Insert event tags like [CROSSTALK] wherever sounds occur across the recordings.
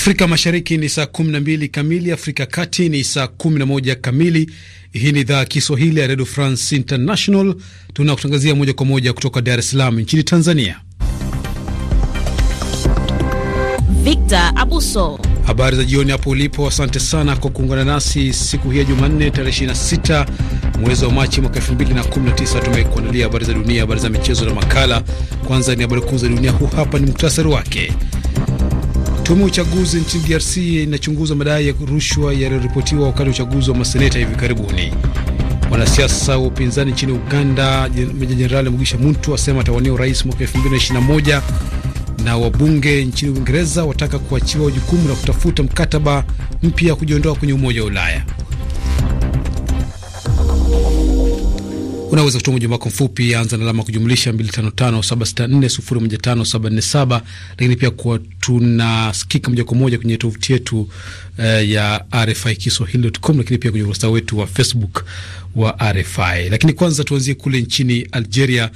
Afrika Mashariki ni saa 12 kamili, Afrika Kati ni saa 11 kamili. Hii ni idhaa ya Kiswahili ya Redio France International, tunakutangazia moja kwa moja kutoka Dar es Salaam nchini Tanzania. Victor Abuso, habari za jioni hapo ulipo. Asante sana kwa kuungana nasi siku hii ya Jumanne, tarehe 26 mwezi wa Machi mwaka 2019. Tumekuandalia habari za dunia, habari za michezo na makala. Kwanza ni habari kuu za dunia, huu hapa ni mktasari wake. Tume uchaguzi nchini DRC inachunguza madai ya rushwa yaliyoripotiwa wakati wa uchaguzi wa maseneta hivi karibuni. Mwanasiasa wa upinzani nchini Uganda Meja Jenerali Mugisha Muntu asema atawania urais mwaka 2021 na wabunge nchini Uingereza wataka kuachiwa jukumu la kutafuta mkataba mpya kujiondoa kwenye Umoja wa Ulaya. Unaweza kutuma ujumbe wako mfupi, anza na alama kujumlisha 255764015747, lakini pia kuwa tunasikika moja kwa moja kwenye tovuti yetu eh, ya RFI Kiswahili.com, lakini pia kwenye ukurasa wetu wa Facebook wa RFI. Lakini kwanza tuanzie kule nchini Algeria.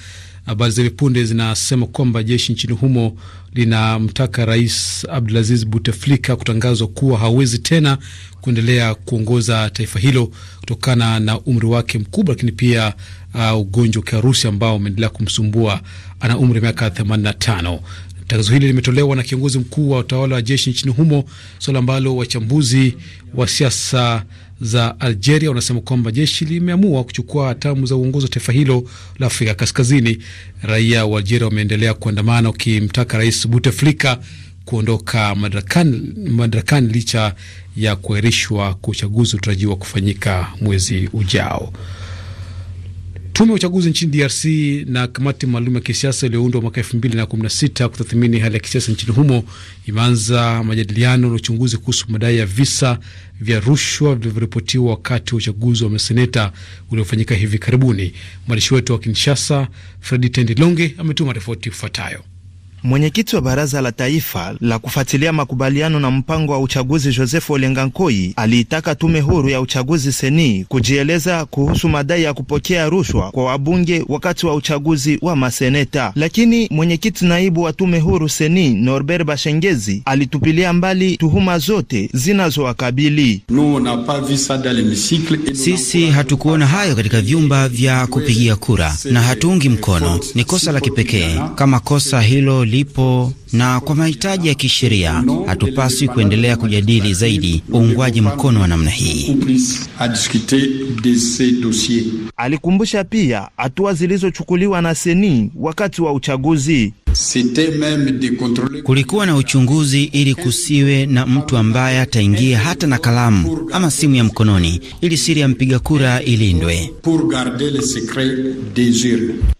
Habari za hivi punde zinasema kwamba jeshi nchini humo linamtaka Rais Abdulaziz Buteflika kutangazwa kuwa hawezi tena kuendelea kuongoza taifa hilo kutokana na umri wake mkubwa, lakini pia uh, ugonjwa wa kiharusi ambao umeendelea kumsumbua. Ana umri wa miaka 85. Tangazo hili limetolewa na kiongozi mkuu wa utawala wa jeshi nchini humo, suala ambalo wachambuzi wa siasa za Algeria wanasema kwamba jeshi limeamua kuchukua hatamu za uongozi wa taifa hilo la Afrika Kaskazini. Raia wa Algeria wameendelea kuandamana wakimtaka Rais buteflika kuondoka madarakani, madarakani licha ya kuahirishwa kwa uchaguzi utarajiwa kufanyika mwezi ujao. Tume ya uchaguzi nchini DRC na kamati maalum ya kisiasa iliyoundwa mwaka elfu mbili na kumi na sita kutathmini hali ya kisiasa nchini humo imeanza majadiliano na uchunguzi kuhusu madai ya visa vya rushwa vilivyoripotiwa wakati wa uchaguzi wa maseneta uliofanyika hivi karibuni. Mwandishi wetu wa Kinshasa, Fredi Tendilonge, ametuma ripoti ifuatayo. Mwenyekiti wa baraza la taifa la kufuatilia makubaliano na mpango wa uchaguzi Josefu Olengankoi aliitaka tume huru ya uchaguzi seni kujieleza kuhusu madai ya kupokea rushwa kwa wabunge wakati wa uchaguzi wa maseneta. Lakini mwenyekiti naibu wa tume huru seni Norbert Bashengezi alitupilia mbali tuhuma zote zinazowakabili. Sisi hatukuona hayo katika vyumba vya kupigia kura na hatuungi mkono. Ni kosa la kipekee kama kosa hilo yalipo na kwa mahitaji ya kisheria, hatupaswi kuendelea kujadili zaidi uungwaji mkono wa namna hii. Alikumbusha pia hatua zilizochukuliwa na seni wakati wa uchaguzi. Kulikuwa na uchunguzi ili kusiwe na mtu ambaye ataingia hata na kalamu ama simu ya mkononi, ili siri ya mpiga kura ilindwe.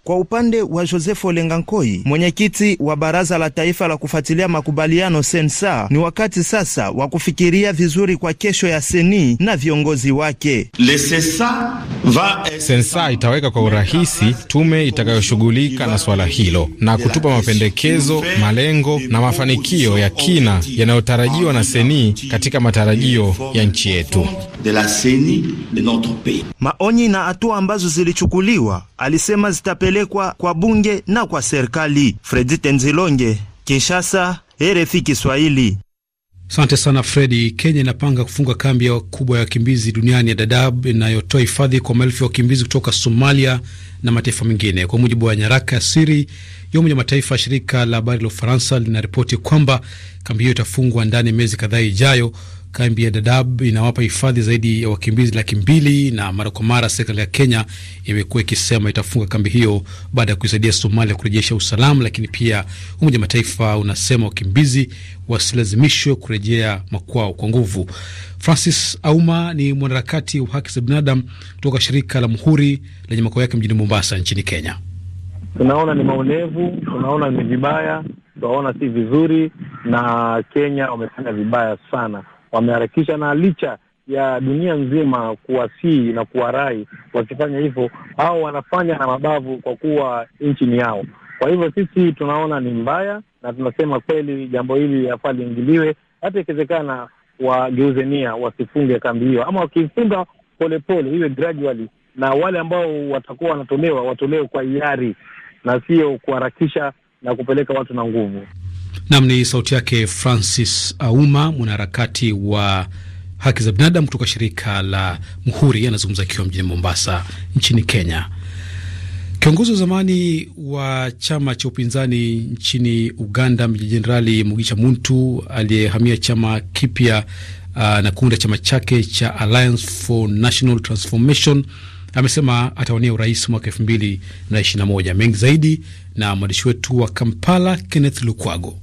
Kwa upande wa Joseph Olengankoi, mwenyekiti wa baraza la taifa la kufuatilia makubaliano sensa, ni wakati sasa wa kufikiria vizuri kwa kesho ya seni na viongozi wake. Sensa itaweka kwa urahisi tume itakayoshughulika na swala hilo na kutupa mapendekezo, malengo na mafanikio ya kina yanayotarajiwa na seni katika matarajio ya nchi yetu. Maonyi na hatua ambazo zilichukuliwa, alisema zitapelekwa kwa bunge na kwa serikali. Fredi Tenzilonge, Kinshasa, RFI Kiswahili. Asante sana Fredi. Kenya inapanga kufunga kambi kubwa ya wakimbizi duniani ya Dadaab inayotoa hifadhi kwa maelfu ya wakimbizi kutoka Somalia na mataifa mengine. Kwa mujibu wa nyaraka ya siri ya Umoja Mataifa, shirika la habari la Ufaransa linaripoti kwamba kambi hiyo itafungwa ndani ya miezi kadhaa ijayo Kambi ya dadab inawapa hifadhi zaidi ya wakimbizi laki mbili na mara kwa mara serikali ya Kenya imekuwa ikisema itafunga kambi hiyo baada ya kuisaidia Somalia kurejesha usalama, lakini pia Umoja Mataifa unasema wakimbizi wasilazimishwe kurejea makwao kwa nguvu. Francis Auma ni mwanaharakati wa haki za binadamu kutoka shirika la Muhuri lenye makao yake mjini Mombasa nchini Kenya. Tunaona ni maonevu, tunaona ni vibaya, tunaona si vizuri, na Kenya wamefanya vibaya sana wameharakisha, na licha ya dunia nzima kuwasii na kuwarai wakifanya hivyo, au wanafanya na mabavu, kwa kuwa nchi ni yao. Kwa hivyo sisi tunaona ni mbaya, na tunasema kweli jambo hili yafaa liingiliwe, hata ikiwezekana wageuze nia, wasifunge kambi hiyo, ama wakifunga polepole, iwe gradually, na wale ambao watakuwa wanatolewa watolewe kwa hiari na sio kuharakisha na kupeleka watu na nguvu. Nam ni sauti yake Francis Auma, mwanaharakati wa haki za binadamu kutoka shirika la Muhuri, anazungumza akiwa mjini Mombasa nchini Kenya. Kiongozi wa zamani wa chama cha upinzani nchini Uganda, Meja Jenerali Mugisha Muntu aliyehamia chama kipya uh, na kuunda chama chake cha Alliance for National Transformation amesema atawania urais mwaka elfu mbili na ishirini na moja. Mengi zaidi na mwandishi wetu wa Kampala, Kenneth Lukwago.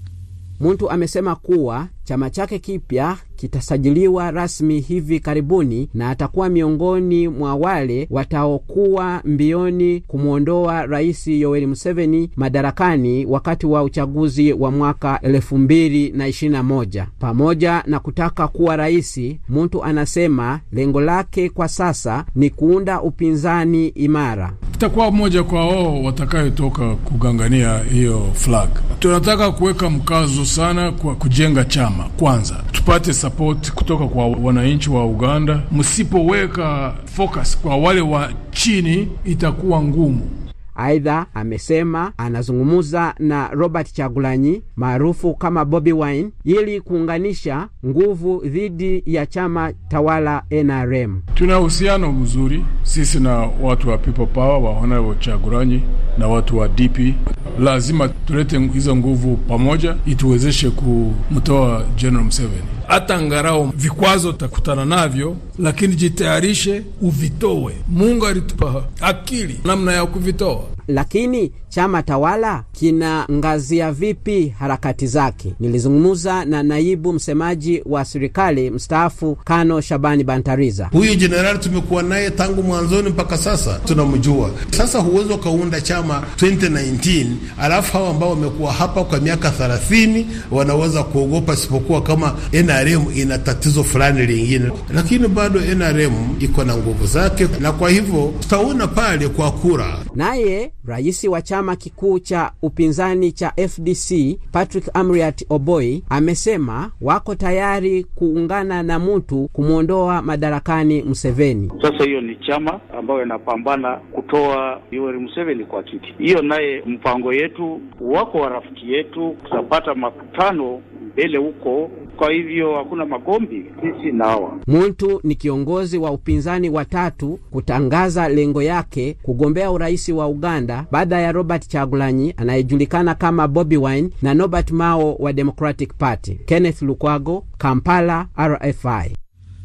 Muntu amesema kuwa Chama chake kipya kitasajiliwa rasmi hivi karibuni na atakuwa miongoni mwa wale wataokuwa mbioni kumwondoa Rais Yoweri Museveni madarakani wakati wa uchaguzi wa mwaka 2021. Pamoja na kutaka kuwa rais, mtu anasema lengo lake kwa sasa ni kuunda upinzani imara. Tutakuwa mmoja kwa wao watakayotoka kugangania hiyo flag. Tunataka kuweka mkazo sana kwa kujenga chama usalama kwanza, tupate support kutoka kwa wananchi wa Uganda. Msipoweka focus kwa wale wa chini, itakuwa ngumu. Aidha, amesema anazungumza na Robert Chagulanyi maarufu kama Bobi Wine ili kuunganisha nguvu dhidi ya chama tawala NRM. Tuna uhusiano mzuri sisi na watu wa People Power wa Honorable Chagulanyi na watu wa DP. Lazima tulete hizo nguvu pamoja, ituwezeshe kumtoa General Museveni hata ngarao vikwazo takutana navyo, lakini jitayarishe uvitowe Mungu alitupa akili namna ya kuvitoa lakini chama tawala kinaangazia vipi harakati zake? Nilizungumza na naibu msemaji wa serikali mstaafu Kano Shabani Bantariza. Huyu jenerali tumekuwa naye tangu mwanzoni mpaka sasa, tunamjua. Sasa huwezi ukaunda chama 2019 alafu hawa ambao wamekuwa hapa kwa miaka 30 wanaweza kuogopa, isipokuwa kama NRM ina tatizo fulani lingine, lakini bado NRM iko na nguvu zake, na kwa hivyo tutaona pale kwa kura naye Rais wa chama kikuu cha upinzani cha FDC Patrick Amriat oboy amesema wako tayari kuungana na mtu kumwondoa madarakani Museveni. Sasa hiyo ni chama ambayo inapambana kutoa Yoweri Museveni kwa kiti, hiyo naye mpango yetu, wako wa rafiki yetu, tutapata makutano mbele huko, kwa hivyo hakuna magombi sisi nawa. Muntu ni kiongozi wa upinzani watatu kutangaza lengo yake kugombea urais wa Uganda baada ya Robert Chagulanyi anayejulikana kama Bobi Wine na Norbert Mao wa Democratic Party. Kenneth Lukwago, Kampala, RFI.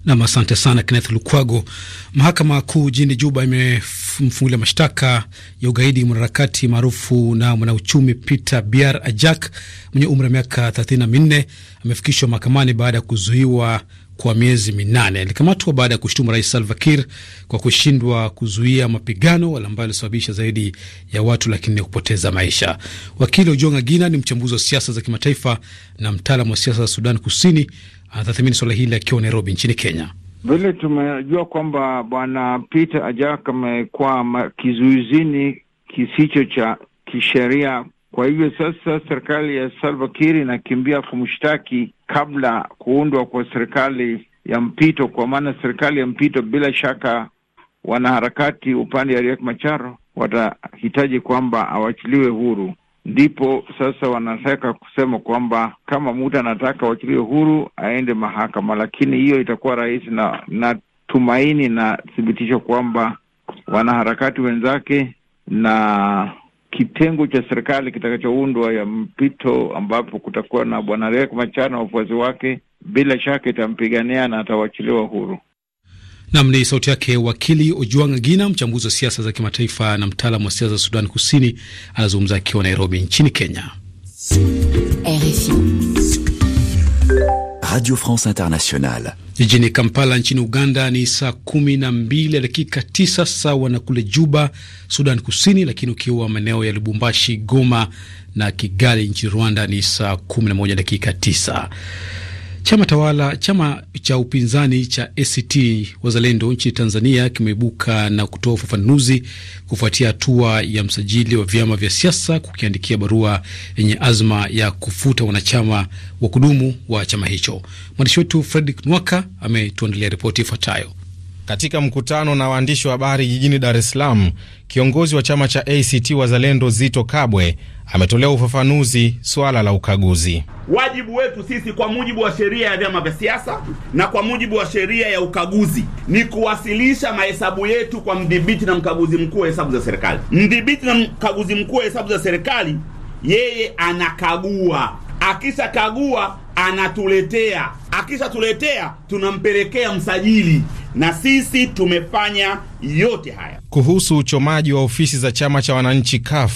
Nam, asante sana Kenneth Lukwago. Mahakama Kuu jini Juba imemfungulia mashtaka ya ugaidi mwanaharakati maarufu na mwanauchumi Peter Biar Ajak mwenye umri wa miaka 34. Amefikishwa mahakamani baada ya kuzuiwa kwa miezi minane. Alikamatwa baada ya kushtumu Rais Salva Kiir kwa kushindwa kuzuia mapigano wala ambayo alisababisha zaidi ya watu laki nne kupoteza maisha. Wakili Ojonga Gina ni mchambuzi wa siasa za kimataifa na mtaalamu wa siasa za Sudan Kusini atathimini suala hili akiwa Nairobi nchini Kenya. Vile tumejua kwamba bwana Peter Ajak amekuwa kizuizini kisicho cha kisheria, kwa hivyo sasa serikali ya Salva Kiir inakimbia kumshtaki kabla kuundwa kwa serikali ya mpito, kwa maana serikali ya mpito bila shaka wanaharakati upande ya Riek Macharo watahitaji kwamba awachiliwe huru ndipo sasa wanataka kusema kwamba kama mtu anataka wachilie huru aende mahakama, lakini hiyo itakuwa rahisi na natumaini na thibitisho kwamba wanaharakati wenzake na kitengo cha serikali kitakachoundwa ya mpito, ambapo kutakuwa na bwana Riek Machar na wafuasi wake, bila shaka itampigania na atawachiliwa huru. Nam ni sauti yake wakili Ojuang Gina, mchambuzi wa siasa za kimataifa na mtaalam wa siasa za Sudan Kusini, anazungumza akiwa Nairobi nchini Kenya. RFI Radio France Internationale jijini Kampala nchini Uganda ni saa kumi na mbili dakika tisa sawa na kule Juba, Sudan Kusini, lakini ukiwa maeneo ya Lubumbashi, Goma na Kigali nchini Rwanda ni saa kumi na moja dakika tisa. Chama tawala chama cha upinzani cha ACT Wazalendo nchini Tanzania kimeibuka na kutoa ufafanuzi kufuatia hatua ya msajili wa vyama vya siasa kukiandikia barua yenye azma ya kufuta wanachama wa kudumu wa chama hicho. Mwandishi wetu Fredrick Nwaka ametuandalia ripoti ifuatayo. Katika mkutano na waandishi wa habari jijini Dar es Salaam, kiongozi wa chama cha ACT Wazalendo Zito Kabwe ametolea ufafanuzi suala la ukaguzi. Wajibu wetu sisi kwa mujibu wa sheria ya vyama vya siasa na kwa mujibu wa sheria ya ukaguzi ni kuwasilisha mahesabu yetu kwa mdhibiti na mkaguzi mkuu wa hesabu za serikali. Mdhibiti na mkaguzi mkuu wa hesabu za serikali, yeye anakagua akishakagua anatuletea, akishatuletea tunampelekea msajili, na sisi tumefanya yote haya. Kuhusu uchomaji wa ofisi za chama cha wananchi CUF,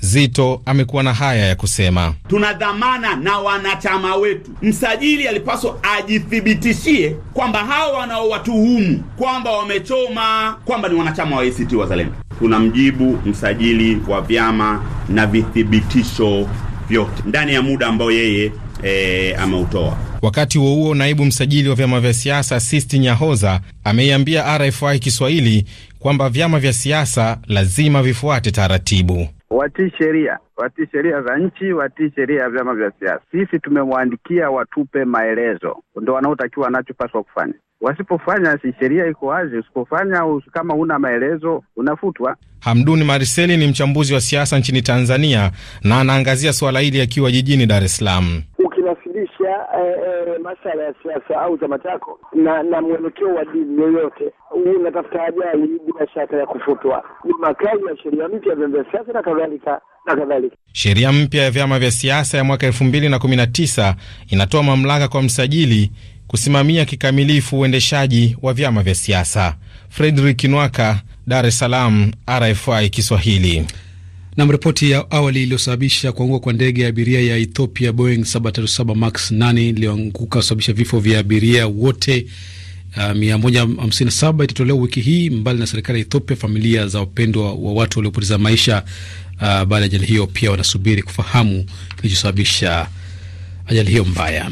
Zito amekuwa na haya ya kusema: tuna dhamana na wanachama wetu. Msajili alipaswa ajithibitishie kwamba hao wanaowatuhumu kwamba wamechoma kwamba ni wanachama wa ACT Wazalendo. Tunamjibu msajili wa vyama na vithibitisho vyote ndani ya muda ambao yeye e, ameutoa. Wakati huo huo, naibu msajili wa vyama vya siasa Sisti Nyahoza ameiambia RFI Kiswahili kwamba vyama vya siasa lazima vifuate taratibu watii sheria, watii sheria za nchi, watii sheria ya vyama vya siasa. Sisi tumemwandikia watupe maelezo, ndo wanaotakiwa wanachopaswa kufanya. Wasipofanya, si sheria iko wazi. Usipofanya, kama una maelezo, unafutwa. Hamduni Mariseli ni mchambuzi wa siasa nchini Tanzania na anaangazia suala hili akiwa jijini Dar es Salaam kupitia e, eh, e, eh, masala ya siasa au chama chako na na mwelekeo wa dini yoyote, unatafuta ajali bila shaka ya kufutwa. Ni makali ya sheria mpya ya vyama vya siasa na kadhalika na kadhalika. Sheria mpya ya vyama vya siasa ya mwaka elfu mbili na kumi na tisa inatoa mamlaka kwa msajili kusimamia kikamilifu uendeshaji wa vyama vya siasa. Fredrik Nwaka, Dar es Salaam, RFI Kiswahili. Nam, ripoti ya awali iliyosababisha kuanguka kwa ndege ya abiria ya Ethiopia Boeing 737 Max 8 iliyoanguka kusababisha vifo vya abiria wote 157 uh, itatolewa wiki hii. Mbali na serikali ya Ethiopia, familia za wapendwa wa watu waliopoteza maisha uh, baada ya ajali hiyo pia wanasubiri kufahamu kilichosababisha ajali hiyo mbaya.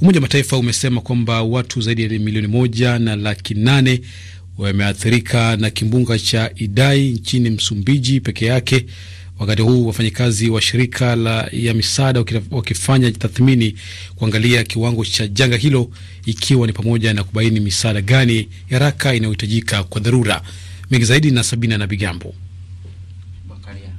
Umoja wa Mataifa umesema kwamba watu zaidi ya milioni moja na laki nane wameathirika na kimbunga cha Idai nchini Msumbiji peke yake, wakati huu wafanyakazi wa shirika la ya misaada wakifanya tathmini kuangalia kiwango cha janga hilo, ikiwa ni pamoja na kubaini misaada gani ya haraka inayohitajika kwa dharura. Mengi zaidi na Sabina na Bigambo.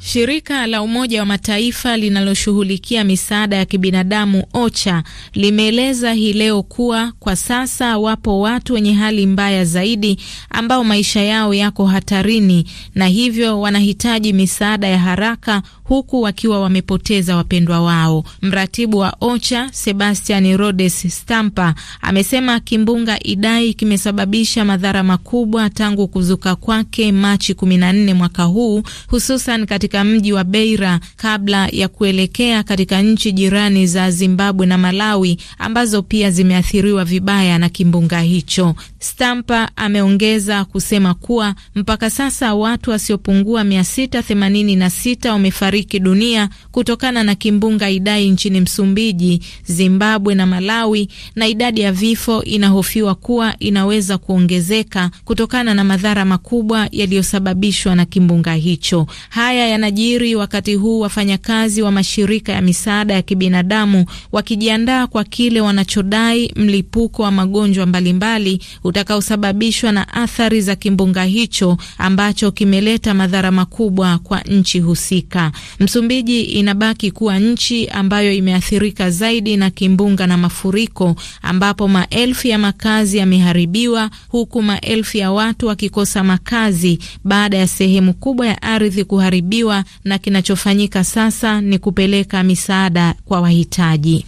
Shirika la Umoja wa Mataifa linaloshughulikia misaada ya kibinadamu OCHA limeeleza hii leo kuwa kwa sasa wapo watu wenye hali mbaya zaidi ambao maisha yao yako hatarini na hivyo wanahitaji misaada ya haraka huku wakiwa wamepoteza wapendwa wao. Mratibu wa OCHA Sebastian Rhodes Stampa amesema kimbunga Idai kimesababisha madhara makubwa tangu kuzuka kwake Machi 14 mwaka huu, hususan katika mji wa Beira kabla ya kuelekea katika nchi jirani za Zimbabwe na Malawi ambazo pia zimeathiriwa vibaya na kimbunga hicho. Stampa ameongeza kusema kuwa mpaka sasa watu wasiopungua 686 wamefariki kufariki dunia kutokana na kimbunga Idai nchini Msumbiji, Zimbabwe na Malawi, na idadi ya vifo inahofiwa kuwa inaweza kuongezeka kutokana na madhara makubwa yaliyosababishwa na kimbunga hicho. Haya yanajiri wakati huu wafanyakazi wa mashirika ya misaada ya kibinadamu wakijiandaa kwa kile wanachodai mlipuko wa magonjwa mbalimbali utakaosababishwa na athari za kimbunga hicho ambacho kimeleta madhara makubwa kwa nchi husika. Msumbiji inabaki kuwa nchi ambayo imeathirika zaidi na kimbunga na mafuriko, ambapo maelfu ya makazi yameharibiwa, huku maelfu ya watu wakikosa makazi baada ya sehemu kubwa ya ardhi kuharibiwa, na kinachofanyika sasa ni kupeleka misaada kwa wahitaji.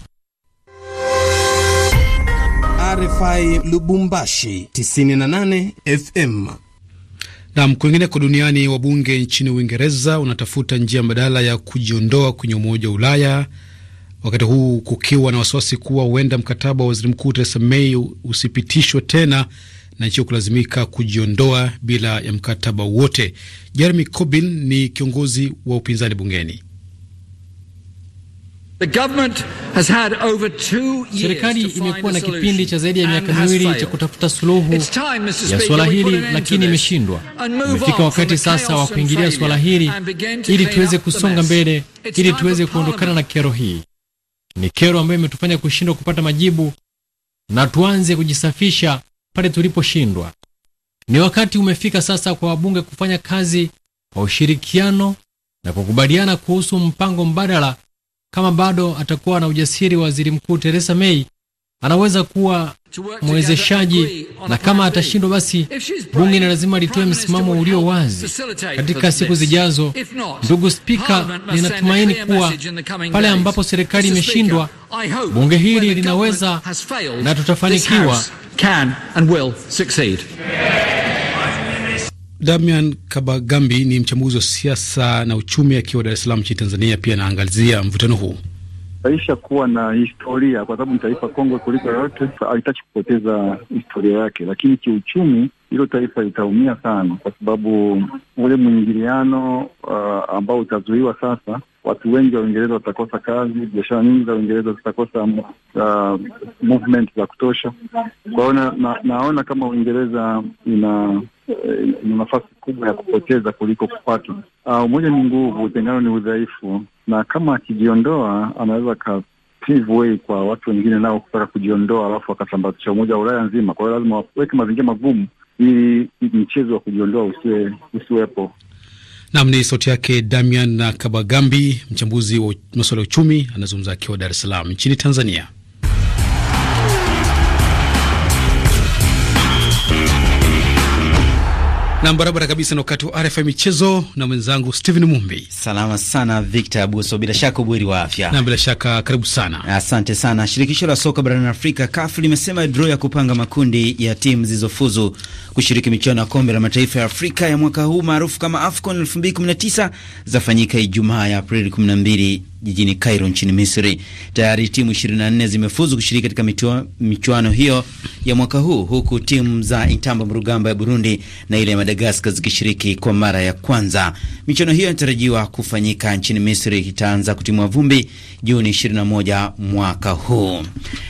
RFI Lubumbashi 98 FM. Nam, kwingineko duniani, wabunge nchini Uingereza wanatafuta njia mbadala ya kujiondoa kwenye Umoja wa Ulaya wakati huu kukiwa na wasiwasi kuwa huenda mkataba wa waziri mkuu Theresa May usipitishwe tena na nchi hiyo kulazimika kujiondoa bila ya mkataba wote. Jeremy Corbyn ni kiongozi wa upinzani bungeni. Serikali imekuwa na kipindi cha zaidi ya miaka miwili cha kutafuta suluhu ya suala hili, lakini imeshindwa. Umefika wakati sasa wa kuingilia suala hili ili tuweze kusonga mbele, ili tuweze kuondokana na kero hii. Ni kero ambayo imetufanya kushindwa kupata majibu, na tuanze kujisafisha pale tuliposhindwa. Ni wakati umefika sasa kwa wabunge kufanya kazi kwa ushirikiano na kukubaliana kuhusu mpango mbadala kama bado atakuwa na ujasiri, waziri mkuu Theresa May anaweza kuwa mwezeshaji, na kama atashindwa, basi bunge ni lazima litoe msimamo ulio wazi katika siku zijazo. Ndugu Spika, ninatumaini kuwa pale ambapo serikali imeshindwa, bunge hili linaweza na tutafanikiwa. Damian Kabagambi ni mchambuzi wa siasa na uchumi akiwa Dar es Salaam nchini Tanzania. Pia anaangazia mvutano huu aisha kuwa na historia kwa sababu ni taifa kongwe kuliko yoyote, haitachi kupoteza historia yake, lakini kiuchumi hilo taifa litaumia sana, kwa sababu ule mwingiliano uh, ambao utazuiwa sasa. Watu wengi wa Uingereza watakosa kazi, biashara nyingi za Uingereza zitakosa uh, movement za kutosha. Kwa hiyo na, naona kama Uingereza ina eh, nafasi kubwa ya kupoteza kuliko kupata. Ah, umoja ni nguvu, utengano ni udhaifu, na kama akijiondoa anaweza ka way kwa watu wengine nao kutaka kujiondoa, alafu wakasambatisha umoja wa Ulaya nzima. Kwa hiyo lazima waweke mazingira magumu ili mchezo wa kujiondoa usiwe usiwepo. Nam ni sauti yake Damian Kabagambi, mchambuzi wa masuala ya uchumi, anazungumza akiwa Dar es Salaam nchini Tanzania. na barabara kabisa na wakati wa RFI michezo na mwenzangu Steven Mumbi. Salama sana Victor Abuso, bila shaka ubweri wa afya. Na bila shaka karibu sana. Asante sana. Shirikisho la soka barani Afrika CAF limesema draw ya kupanga makundi ya timu zilizofuzu kushiriki michuano ya kombe la mataifa ya Afrika ya mwaka huu maarufu kama AFCON 2019 zafanyika Ijumaa ya Aprili 12 jijini Cairo nchini Misri. Tayari timu 24 zimefuzu kushiriki katika michuano hiyo ya mwaka huu huku timu za Intamba Mrugamba ya Burundi na ile ya Madagaskar zikishiriki kwa mara ya kwanza. Michuano hiyo inatarajiwa kufanyika nchini Misri, itaanza kutimua vumbi Juni 21 mwaka huu.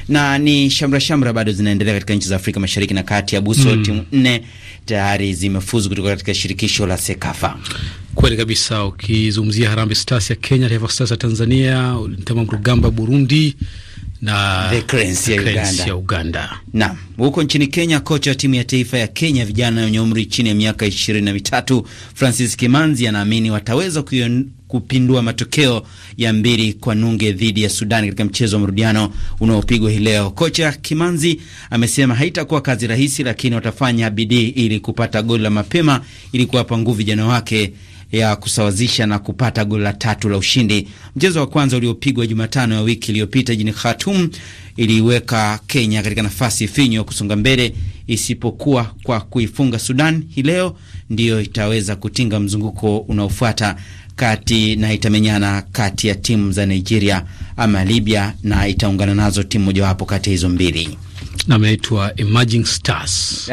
Na ni shamra shamra bado zinaendelea katika nchi za Afrika Mashariki na Kati ya buso mm. timu nne tayari zimefuzu kutoka katika shirikisho la Sekafa. Kweli kabisa. Ukizungumzia Harambee Stars ya Kenya, Taifa Stars ya Tanzania, Ulintama Mrugamba Burundi na The Cranes ya Uganda, Uganda. Naam, huko nchini Kenya, kocha wa timu ya taifa ya Kenya vijana wenye umri chini ya miaka ishirini na mitatu Francis Kimanzi anaamini wataweza kupindua matokeo ya mbili kwa nunge dhidi ya Sudan katika mchezo wa marudiano unaopigwa hii leo. Kocha Kimanzi amesema haitakuwa kazi rahisi, lakini watafanya bidii ili kupata goli la mapema ili kuwapa nguvu vijana wake ya kusawazisha na kupata goli la tatu la ushindi. Mchezo wa kwanza uliopigwa Jumatano ya wiki iliyopita jijini Khartoum iliweka Kenya katika nafasi finyo ya kusonga mbele, isipokuwa kwa kuifunga Sudan. Hii leo ndiyo itaweza kutinga mzunguko unaofuata kati na itamenyana kati ya timu za Nigeria ama Libya na itaungana nazo timu mojawapo kati ya hizo mbili. Nameitwa Emerging Stars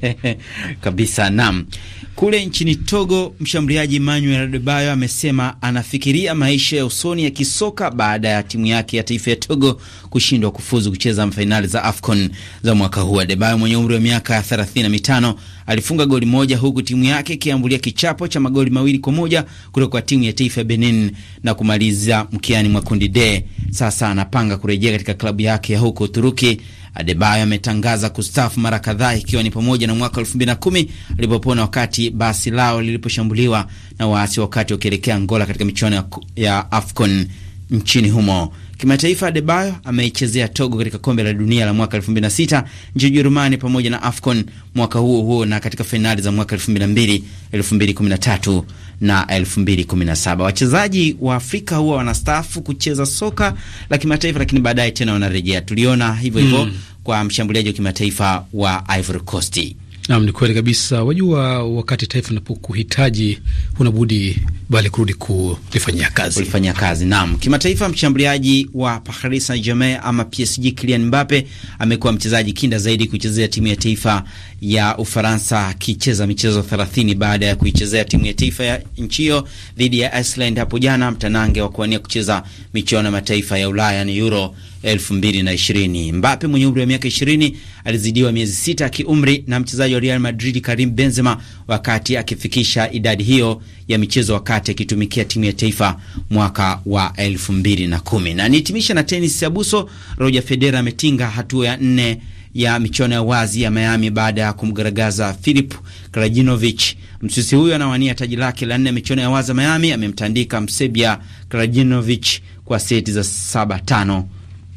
[LAUGHS] kabisa. Naam, kule nchini Togo, mshambuliaji Manuel Adebayo amesema anafikiria maisha ya usoni ya kisoka baada ya timu yake ya taifa ya Togo kushindwa kufuzu kucheza fainali za AFCON za mwaka huu. Adebayo mwenye umri wa miaka 35 alifunga goli moja huku timu yake ikiambulia kichapo cha magoli mawili kwa moja kutoka kwa timu ya taifa ya Benin na kumaliza mkiani mwa kundi D. Sasa anapanga kurejea katika klabu yake ya huko Uturuki. Adebayo ametangaza kustaafu mara kadhaa ikiwa ni pamoja na mwaka 2010 alipopona wakati basi lao liliposhambuliwa na waasi wakati wakielekea Angola katika michuano ya AFCON nchini humo. Kimataifa, Adebayo ameichezea Togo katika kombe la dunia la mwaka 2006 nchini Ujerumani pamoja na AFCON mwaka huo huo na katika fainali za mwaka 2002, 2013 na 2017. Wachezaji wa Afrika huwa wanastaafu kucheza soka la kimataifa, lakini baadaye tena wanarejea. Tuliona hivyo hivyo mm, kwa mshambuliaji wa kimataifa wa Ivory Coast. Naam, ni kweli kabisa. Wajua, wakati taifa linapokuhitaji hunabudi bali kurudi kulifanyia kazi, kulifanyia kazi. Naam, kimataifa, mshambuliaji wa Paris Saint-Germain ama PSG Kylian Mbappe amekuwa mchezaji kinda zaidi kuichezea timu ya taifa ya Ufaransa akicheza michezo 30 baada ya kuichezea timu ya taifa ya nchi hiyo dhidi ya Iceland hapo jana, mtanange wa kuwania kucheza michuano ya mataifa ya Ulaya ni Euro 2020. Mbape mwenye umri wa miaka 20 alizidiwa miezi sita ya kiumri na mchezaji wa Real Madrid Karim Benzema wakati akifikisha idadi hiyo ya michezo wakati akitumikia timu ya taifa mwaka wa 2010. Na nihitimisha na tenis ya buso. Roger Federer ametinga hatua ya nne ya michuano ya wazi ya Miami baada ya kumgaragaza Filip Krajinovic. Mswisi huyo anawania taji lake la nne ya michuano ya wazi ya Miami. Amemtandika Msebia Krajinovic kwa seti za saba tano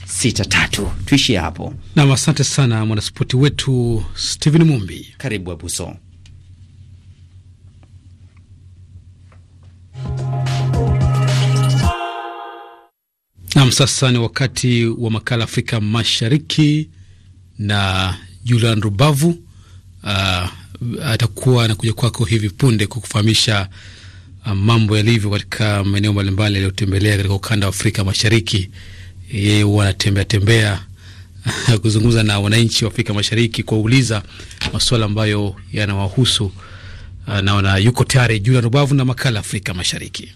63. Tuishie hapo nam. Asante sana mwanaspoti wetu Steven Mumbi. Karibu Abuso. Nam, sasa ni wakati wa makala Afrika Mashariki na Julian Rubavu. Uh, atakuwa anakuja kwako hivi punde kufahamisha uh, ah, mambo yalivyo katika maeneo mbalimbali yaliyotembelea katika ukanda wa Afrika Mashariki yeye huwa anatembea tembea [LAUGHS] kuzungumza na wananchi wa Afrika Mashariki, kuwauliza masuala ambayo yanawahusu. Ah, naona yuko tayari Julian Rubavu na makala Afrika Mashariki.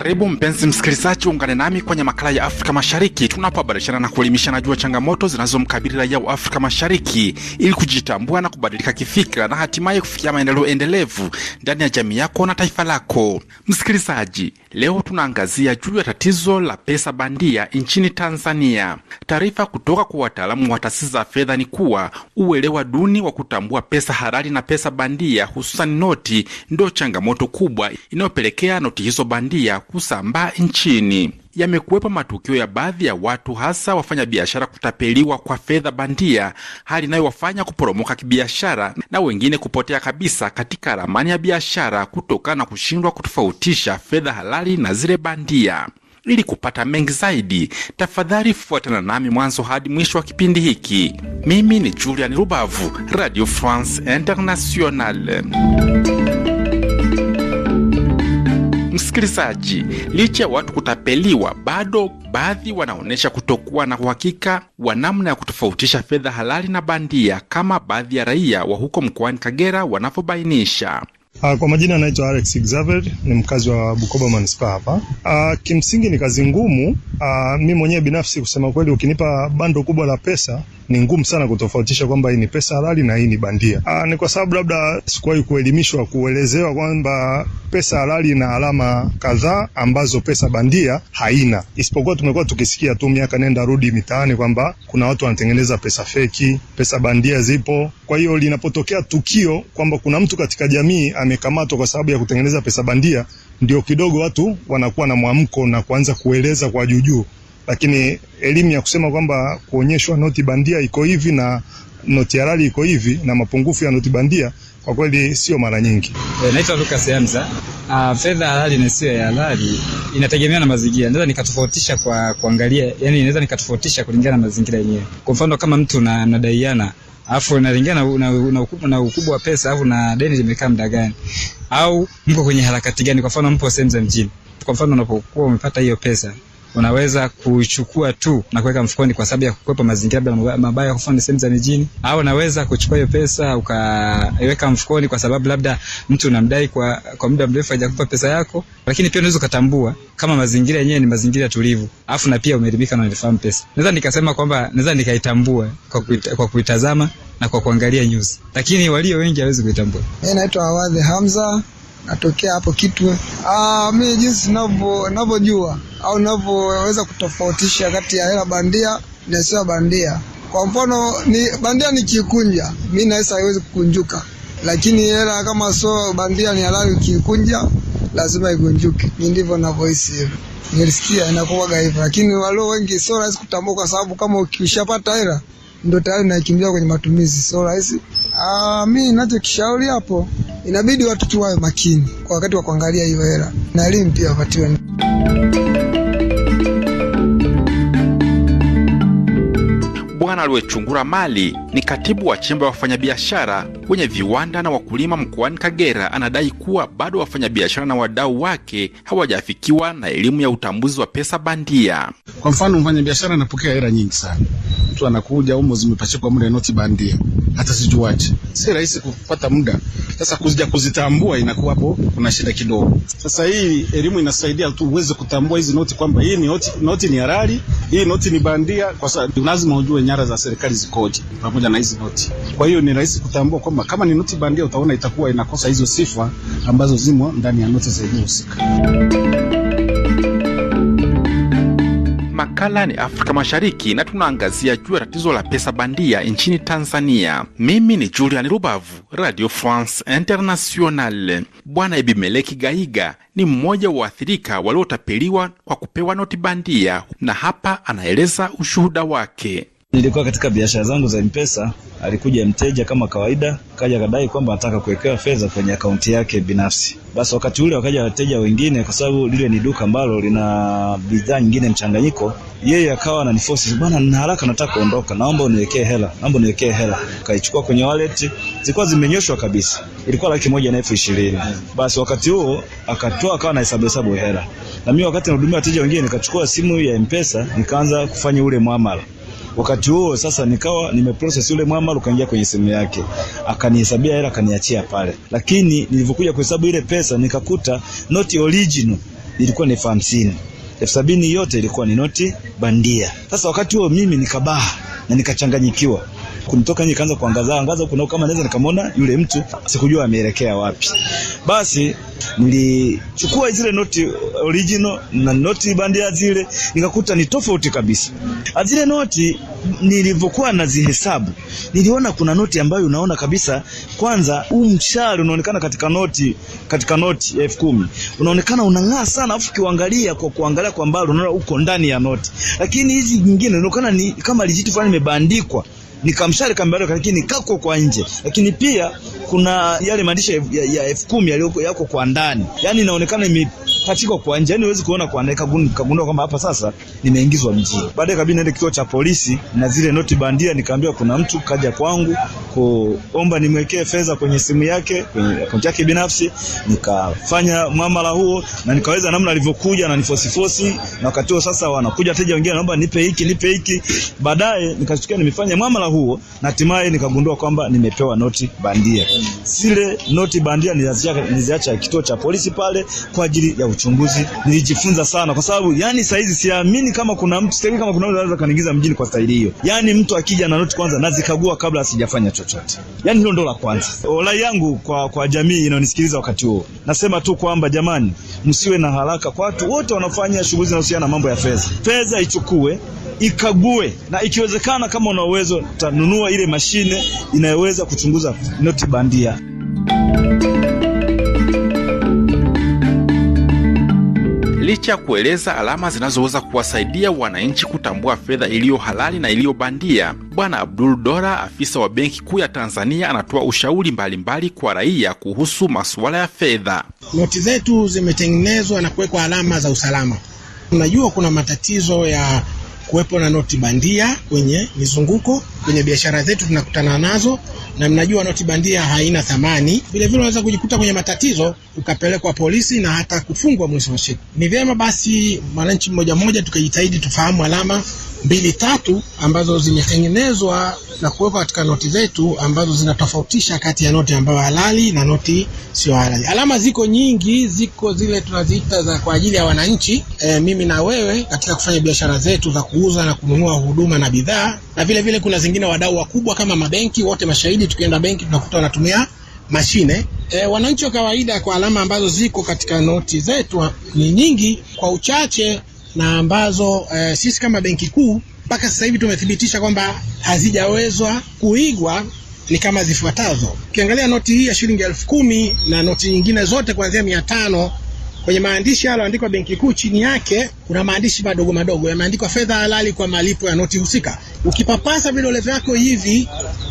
Karibu mpenzi msikilizaji, ungane nami kwenye makala ya Afrika Mashariki tunapobadilishana na kuelimishana juu ya changamoto zinazomkabili raia wa Afrika Mashariki ili kujitambua na kubadilika kifikira na hatimaye kufikia maendeleo endelevu ndani ya jamii yako na taifa lako. Msikilizaji, leo tunaangazia juu ya tatizo la pesa bandia nchini Tanzania. Taarifa kutoka kwa wataalamu wa taasisi za fedha ni kuwa uelewa duni wa kutambua pesa halali na pesa bandia, hususan noti, ndio changamoto kubwa inayopelekea noti hizo bandia kusambaa nchini. Yamekuwepo matukio ya baadhi ya watu hasa wafanyabiashara kutapeliwa kwa fedha bandia, hali inayowafanya kuporomoka kibiashara na wengine kupotea kabisa katika ramani ya biashara kutokana na kushindwa kutofautisha fedha halali na zile bandia. Ili kupata mengi zaidi, tafadhali fuatana nami mwanzo hadi mwisho wa kipindi hiki. Mimi ni Julian Rubavu, Radio France Internationale. Msikilizaji, licha ya watu kutapeliwa, bado baadhi wanaonyesha kutokuwa na uhakika wa namna ya kutofautisha fedha halali na bandia, kama baadhi ya raia wa huko mkoani Kagera wanavyobainisha. Ah, kwa majina anaitwa Alex Xavier, ni mkazi wa Bukoba Manispaa hapa. Ah, kimsingi ni kazi ngumu. Ah, Mi mwenyewe binafsi, kusema kweli, ukinipa bando kubwa la pesa ni ngumu sana kutofautisha kwamba hii ni pesa halali na hii ni bandia. Aa, ni kwa sababu labda sikuwahi kuelimishwa, kuelezewa kwamba pesa halali ina alama kadhaa ambazo pesa bandia haina, isipokuwa tumekuwa tukisikia tu miaka nenda rudi mitaani kwamba kuna watu wanatengeneza pesa feki, pesa bandia zipo. Kwa hiyo linapotokea tukio kwamba kuna mtu katika jamii amekamatwa kwa sababu ya kutengeneza pesa bandia, ndio kidogo watu wanakuwa na mwamko na kuanza kueleza kwa juujuu, lakini elimu ya kusema kwamba kuonyeshwa noti bandia iko hivi na noti halali iko hivi na mapungufu ya noti bandia kwa kweli sio mara nyingi. E, naitwa Lucas Hamza. Uh, fedha halali na sio ya halali inategemea na mazingira. Naweza nikatofautisha kwa kuangalia, yani naweza nikatofautisha kulingana na mazingira yenyewe. Kwa mfano kama mtu na nadaiana afu unalingia na, na, na ukubwa wa pesa afu na deni limekaa muda gani au mko kwenye harakati gani. Kwa mfano mpo sehemu za mjini, kwa mfano unapokuwa umepata hiyo pesa unaweza kuchukua tu na kuweka mfukoni kwa sababu ya kukwepa mazingira labda mabaya, kufanya sehemu za mijini, au unaweza kuchukua hiyo pesa ukaiweka mfukoni kwa sababu labda mtu unamdai kwa kwa muda mrefu hajakupa pesa yako, lakini pia unaweza ukatambua kama mazingira yenyewe ni mazingira tulivu, afu na pia umeridhika na unafahamu pesa. Naweza nikasema kwamba naweza nikaitambua kwa kuita, kwa kuitazama na kwa kuangalia news, lakini walio wengi hawezi kuitambua. Mimi naitwa Awadhi Hamza natokea hapo kitu. Ah, mimi jinsi ninavyo ninavyojua au ninavyoweza kutofautisha kati ya hela bandia na sio bandia. Kwa mfano ni bandia nikikunja, mimi naweza haiwezi kukunjuka, lakini hela kama sio bandia ni halali, kikunja lazima igunjuke. Ni ndivyo ninavyohisi hivyo. Nilisikia inakuwa hivyo, lakini walio wengi sio rahisi kutambua, kwa sababu kama ukishapata hela ndo tayari naikimbia kwenye matumizi, sio rahisi. Ah, mi kishauri hapo, inabidi watu tu wawe makini kwa wakati wa kuangalia hiyo hela, na elimu pia wapatiwe. Yohana aliyechungura Mali ni katibu wa chemba ya wafanyabiashara wenye viwanda na wakulima mkoani Kagera, anadai kuwa bado wafanyabiashara na wadau wake hawajafikiwa na elimu ya utambuzi wa pesa bandia. Kwa mfano, mfanyabiashara anapokea hela nyingi sana, mtu anakuja umo zimepachikwa mle noti bandia, hata sijui si rahisi kupata muda. Sasa kuzija kuzitambua inakuwa hapo kuna shida kidogo. Sasa hii elimu inasaidia tu uweze kutambua hizi noti kwamba hii ni noti, noti ni halali, hii noti ni bandia, kwa sababu lazima ujue nyara za serikali zikoje pamoja na hizi noti. Kwa hiyo ni rahisi kutambua kwamba kama ni noti bandia, utaona itakuwa inakosa hizo sifa ambazo zimo ndani ya noti zenyewe husika. Makala ni Afrika Mashariki na tunaangazia juu ya tatizo la pesa bandia nchini Tanzania. Mimi ni Julian Rubavu, Radio France international Bwana Ibimeleki Gaiga ni mmoja wa waathirika waliotapeliwa kwa kupewa noti bandia, na hapa anaeleza ushuhuda wake. Nilikuwa katika biashara zangu za Mpesa, alikuja mteja kama kawaida, kaja kadai kwamba anataka kuwekewa fedha kwenye akaunti yake binafsi. Basi wakati ule wakaja wateja wengine, kwa sababu lile ni duka ambalo lina bidhaa nyingine mchanganyiko. Yeye akawa ananiforce, bwana, nina haraka, nataka kuondoka, naomba uniwekee hela, naomba uniwekee hela. Kaichukua kwenye wallet, zilikuwa zimenyoshwa kabisa, ilikuwa laki moja na elfu ishirini. Basi wakati huo akatoa, akawa na hesabu hesabu hela, na mimi wakati nahudumia wateja wengine, nikachukua simu ya Mpesa, nikaanza kufanya ule muamala. Wakati huo sasa nikawa nimeprocess yule mwamba, ukaingia kwenye simu yake, akanihesabia hela, akaniachia pale. Lakini nilivyokuja kuhesabu ile pesa nikakuta noti original ilikuwa ni elfu hamsini. Elfu sabini yote ilikuwa ni noti bandia. Sasa wakati huo mimi nikabaha na nikachanganyikiwa kunitoka nje, kaanza kuangaza angaza kuna kama naweza nikamwona yule mtu, sikujua ameelekea wapi. Basi nilichukua zile noti original na noti bandia zile, nikakuta ni tofauti kabisa. Zile noti nilivyokuwa nazihesabu, niliona kuna noti ambayo unaona kabisa, kwanza huu mshale unaonekana katika noti katika noti elfu kumi unaonekana unang'aa sana, afu ukiangalia kwa kuangalia kwa mbali unaona uko ndani ya noti, lakini hizi nyingine unaonekana ni kama lijitu fulani imebandikwa nikamshari kambalo lakini kako kwa nje, lakini pia kuna yale maandishi ya, ya elfu kumi yaliyoko yako kwa ndani, yani inaonekana imepachikwa kwa nje, yani huwezi kuona kwa ndani. Kagundua kwamba hapa sasa nimeingizwa mjini. Baadaye kabidi naende kituo cha polisi na zile noti bandia, nikaambiwa kuna mtu kaja kwangu kuomba nimwekee fedha kwenye simu yake, kwenye akaunti yake binafsi. Nikafanya muamala huo na nikaweza namna alivyokuja na nifosifosi, na wakati huo sasa wanakuja wateja wengine, naomba nipe hiki nipe hiki. Baadaye nikachukia nimefanya muamala huo, na hatimaye nikagundua kwamba nimepewa noti bandia. Zile noti bandia niliziacha kituo cha polisi pale kwa ajili ya uchunguzi. Nilijifunza sana kwa sababu yani, saizi siamini kama kuna mtu sasa, kama kuna mtu anaweza kaniingiza mjini kwa staili hiyo. Yani mtu akija na noti kwanza nazikagua kabla asijafanya chochote. Yani hilo ndo la kwanza. Ola yangu kwa, kwa jamii inaonisikiliza wakati huo, nasema tu kwamba jamani, msiwe na haraka kwa watu wote wanafanya shughuli zinazohusiana na mambo ya fedha. Fedha ichukue ikague, na ikiwezekana, kama una uwezo, utanunua ile mashine inayoweza kuchunguza noti bandia. Licha ya kueleza alama zinazoweza kuwasaidia wananchi kutambua fedha iliyo halali na iliyo bandia, Bwana Abdul Dora, afisa wa Benki Kuu ya Tanzania, anatoa ushauri mbalimbali mbali kwa raia kuhusu masuala ya fedha. Noti zetu zimetengenezwa na kuwekwa alama za usalama. Unajua kuna matatizo ya kuwepo na noti bandia kwenye mizunguko. Kwenye biashara zetu tunakutana nazo, na mnajua noti bandia haina thamani. Vilevile unaweza kujikuta kwenye matatizo ukapelekwa polisi na hata kufungwa mwezi wa sita. Ni vyema basi mwananchi mmoja mmoja tukajitahidi tufahamu alama mbili tatu ambazo zimetengenezwa na kuwekwa katika noti zetu ambazo zinatofautisha kati ya noti ambayo halali na noti sio halali. Alama ziko nyingi, ziko zile tunaziita za kwa ajili ya wananchi e, mimi na wewe katika kufanya biashara zetu za kuuza na kununua huduma na bidhaa, na vile vile kuna zingine wadau wakubwa kama mabenki, wote mashahidi tukienda benki tunakuta wanatumia mashine. E, wananchi wa kawaida kwa alama ambazo ziko katika noti zetu ni nyingi kwa uchache, na ambazo e, sisi kama benki kuu mpaka sasa hivi tumethibitisha kwamba hazijawezwa kuigwa ni kama zifuatazo. Ukiangalia noti hii ya shilingi elfu kumi na noti nyingine zote kuanzia mia tano Kwenye maandishi yaliyoandikwa Benki Kuu, chini yake kuna maandishi madogo madogo yameandikwa fedha halali kwa malipo ya noti husika. Ukipapasa vidole vyako hivi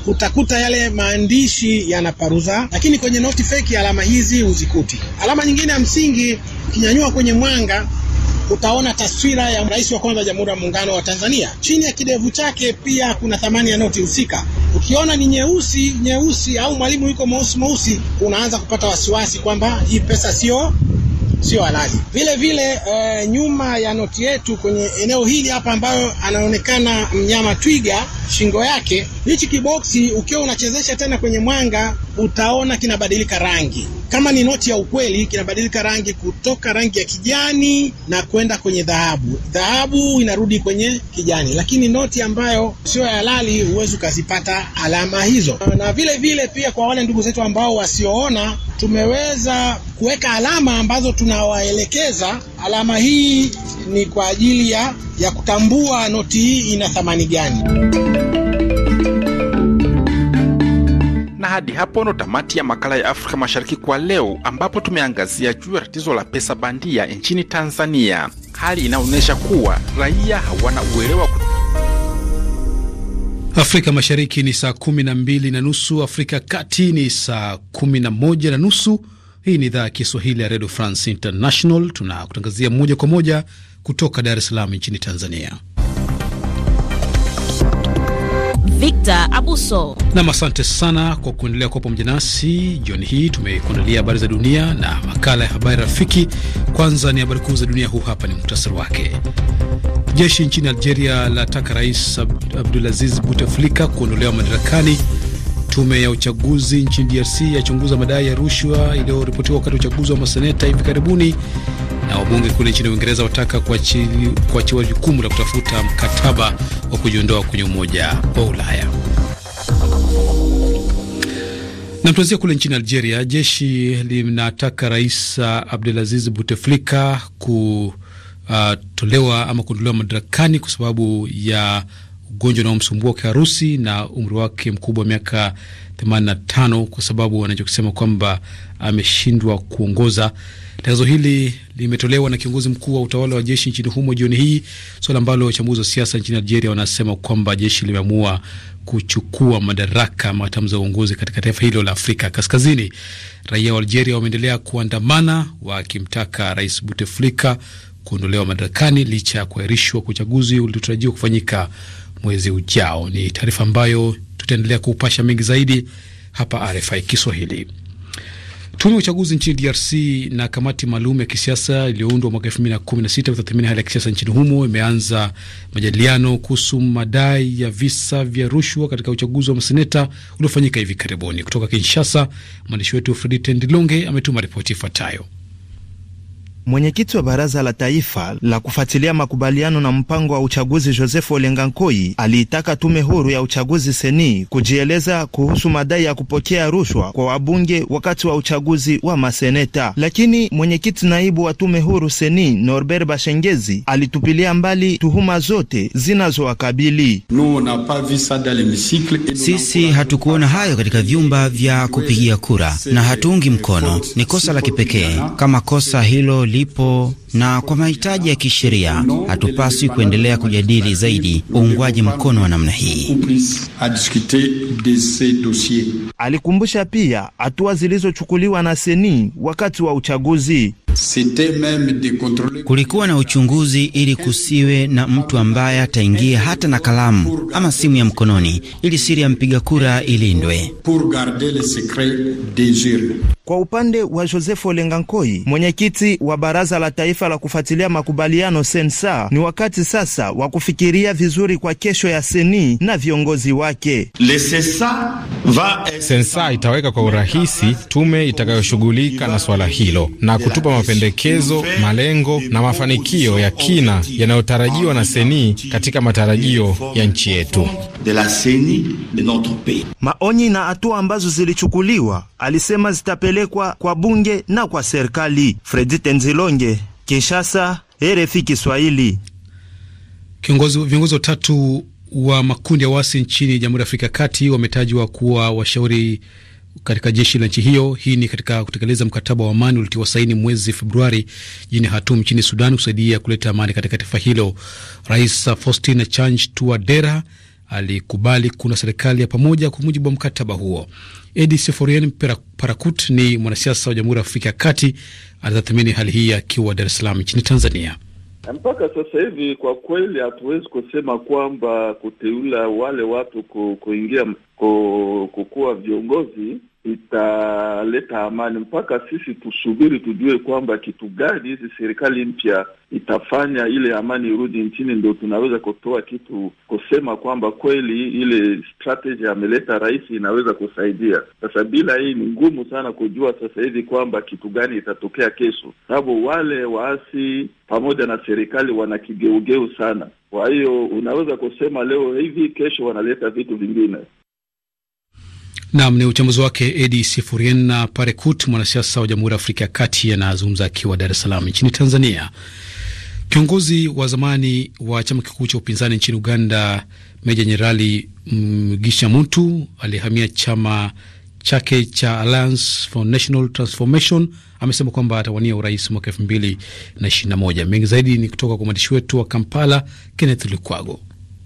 utakuta yale maandishi yanaparuza, lakini kwenye noti feki alama hizi huzikuti. Alama nyingine ya msingi, ukinyanyua kwenye mwanga utaona taswira ya rais wa kwanza Jamhuri ya Muungano wa Tanzania. Chini ya kidevu chake pia kuna thamani ya noti husika. Ukiona ni nyeusi nyeusi au mwalimu yuko mweusi mweusi, unaanza kupata wasiwasi kwamba hii pesa sio sio halali. Vile vile e, nyuma ya noti yetu kwenye eneo hili hapa ambayo anaonekana mnyama twiga, shingo yake Hichi kiboksi ukiwa unachezesha tena kwenye mwanga utaona kinabadilika rangi. Kama ni noti ya ukweli, kinabadilika rangi kutoka rangi ya kijani na kwenda kwenye dhahabu. Dhahabu inarudi kwenye kijani, lakini noti ambayo sio halali huwezi ukazipata alama hizo. Na vile vile pia kwa wale ndugu zetu ambao wasioona, tumeweza kuweka alama ambazo tunawaelekeza alama hii ni kwa ajili ya, ya kutambua noti hii ina thamani gani. Na hadi hapo ndo tamati ya makala ya Afrika Mashariki kwa leo, ambapo tumeangazia juu ya tatizo la pesa bandia nchini Tanzania, hali inaonyesha kuwa raia hawana uelewa Afrika Mashariki ni saa kumi na mbili na nusu, Afrika Kati ni saa kumi na moja na nusu. Hii ni idhaa ya Kiswahili ya Redio France International, tunakutangazia moja kwa moja kutoka Dar es Salaam nchini Tanzania. Victor Abuso. Nam, asante sana kwa kuendelea kuwa pamoja nasi jioni hii. Tumekuandalia habari za dunia na makala ya habari rafiki. Kwanza ni habari kuu za dunia, huu hapa ni muhtasari wake. Jeshi nchini Algeria lataka Rais Abdulaziz Buteflika kuondolewa madarakani. Tume ya uchaguzi nchini DRC yachunguza madai ya rushwa iliyoripotiwa wakati wa uchaguzi wa maseneta hivi karibuni na wabunge kule nchini Uingereza wataka kuachiwa jukumu la kutafuta mkataba wa kujiondoa kwenye Umoja wa Ulaya. Na tuanzia kule nchini Algeria, jeshi linataka Rais Abdelaziz buteflika kutolewa uh, ama kuondolewa madarakani kwa sababu ya ugonjwa unaomsumbua kiharusi na umri wake mkubwa wa miaka 85, kwa sababu anachokisema kwamba ameshindwa kuongoza. Tangazo hili limetolewa na kiongozi mkuu wa utawala wa jeshi nchini humo jioni hii, suala ambalo wachambuzi wa siasa nchini Algeria wanasema kwamba jeshi limeamua kuchukua madaraka matamu za uongozi katika taifa hilo la Afrika Kaskazini. Raia wa Algeria wameendelea kuandamana wakimtaka Rais Buteflika kuondolewa madarakani licha ya kuahirishwa kwa uchaguzi uliotarajiwa kufanyika mwezi ujao. Ni taarifa ambayo tutaendelea kuupasha mengi zaidi hapa RFI Kiswahili. Tume ya uchaguzi nchini DRC na kamati maalum ya kisiasa iliyoundwa mwaka 2016 kutathmini hali ya kisiasa nchini humo imeanza majadiliano kuhusu madai ya visa vya rushwa katika uchaguzi wa maseneta uliofanyika hivi karibuni. Kutoka Kinshasa, mwandishi wetu Fredi Tendilonge ametuma ripoti ifuatayo. Mwenyekiti wa baraza la taifa la kufuatilia makubaliano na mpango wa uchaguzi Joseph Olengankoi aliitaka tume huru ya uchaguzi seni kujieleza kuhusu madai ya kupokea rushwa kwa wabunge wakati wa uchaguzi wa maseneta. Lakini mwenyekiti naibu wa tume huru seni Norbert Bashengezi alitupilia mbali tuhuma zote zinazowakabili. Sisi hatukuona hayo katika vyumba vya kupigia kura na hatuungi mkono. Ni kosa la kipekee kama kosa hilo li alipo na kwa mahitaji ya kisheria, hatupaswi kuendelea kujadili zaidi uungwaji mkono wa namna hii. Alikumbusha pia hatua zilizochukuliwa na seni wakati wa uchaguzi. Kulikuwa na uchunguzi ili kusiwe na mtu ambaye ataingia hata na kalamu ama simu ya mkononi, ili siri ya mpiga kura ilindwe. Kwa upande wa Joseph Olengankoi, mwenyekiti wa baraza la taifa la kufuatilia makubaliano sensa, ni wakati sasa wa kufikiria vizuri kwa kesho ya seni na viongozi wake. Sensa itaweka kwa urahisi tume itakayoshughulika na swala hilo na kutupa mapendekezo, malengo na mafanikio ya kina yanayotarajiwa na seni katika matarajio ya nchi yetu. Maonyi na hatua ambazo zilichukuliwa alisema zitapeleka kupelekwa kwa bunge na kwa serikali. Fredi Tenzilonge, Kinshasa, RFI Kiswahili. Kiongozi, viongozi watatu wa makundi ya wasi nchini Jamhuri ya Afrika ya Kati wametajwa kuwa washauri katika jeshi la nchi hiyo. Hii ni katika kutekeleza mkataba wa amani ulitiwa saini mwezi Februari jijini Hatum nchini Sudan kusaidia kuleta amani katika taifa hilo. Rais Faustin Archange Touadera alikubali kuunda serikali ya pamoja kwa mujibu wa mkataba huo. Edi Seforian Parakut ni mwanasiasa wa Jamhuri ya Afrika ya Kati, anatathmini hali hii akiwa Dar es Salaam nchini Tanzania. Mpaka sasa hivi kwa kweli hatuwezi kusema kwamba kuteula wale watu kuingia kukuwa viongozi italeta amani. Mpaka sisi tusubiri tujue kwamba kitu gani hizi serikali mpya itafanya ile amani irudi nchini, ndo tunaweza kutoa kitu kusema kwamba kweli ile strategy ameleta rais inaweza kusaidia. Sasa bila hii ni ngumu sana kujua sasa hivi kwamba kitu gani itatokea kesho, sababu wale waasi pamoja na serikali wana kigeugeu sana. Kwa hiyo unaweza kusema leo hivi, kesho wanaleta vitu vingine. Nam ni uchambuzi wake Edi Sifurien na Parekut, mwanasiasa wa Jamhuri ya Afrika ya Kati, anazungumza akiwa Dar es Salaam nchini Tanzania. Kiongozi wa zamani wa chama kikuu cha upinzani nchini Uganda, Meja Jenerali Mgisha Muntu aliyehamia chama chake cha Alliance for National Transformation amesema kwamba atawania urais mwaka elfu mbili na ishirini na moja. Mengi zaidi ni kutoka kwa mwandishi wetu wa Kampala, Kenneth Lukwago.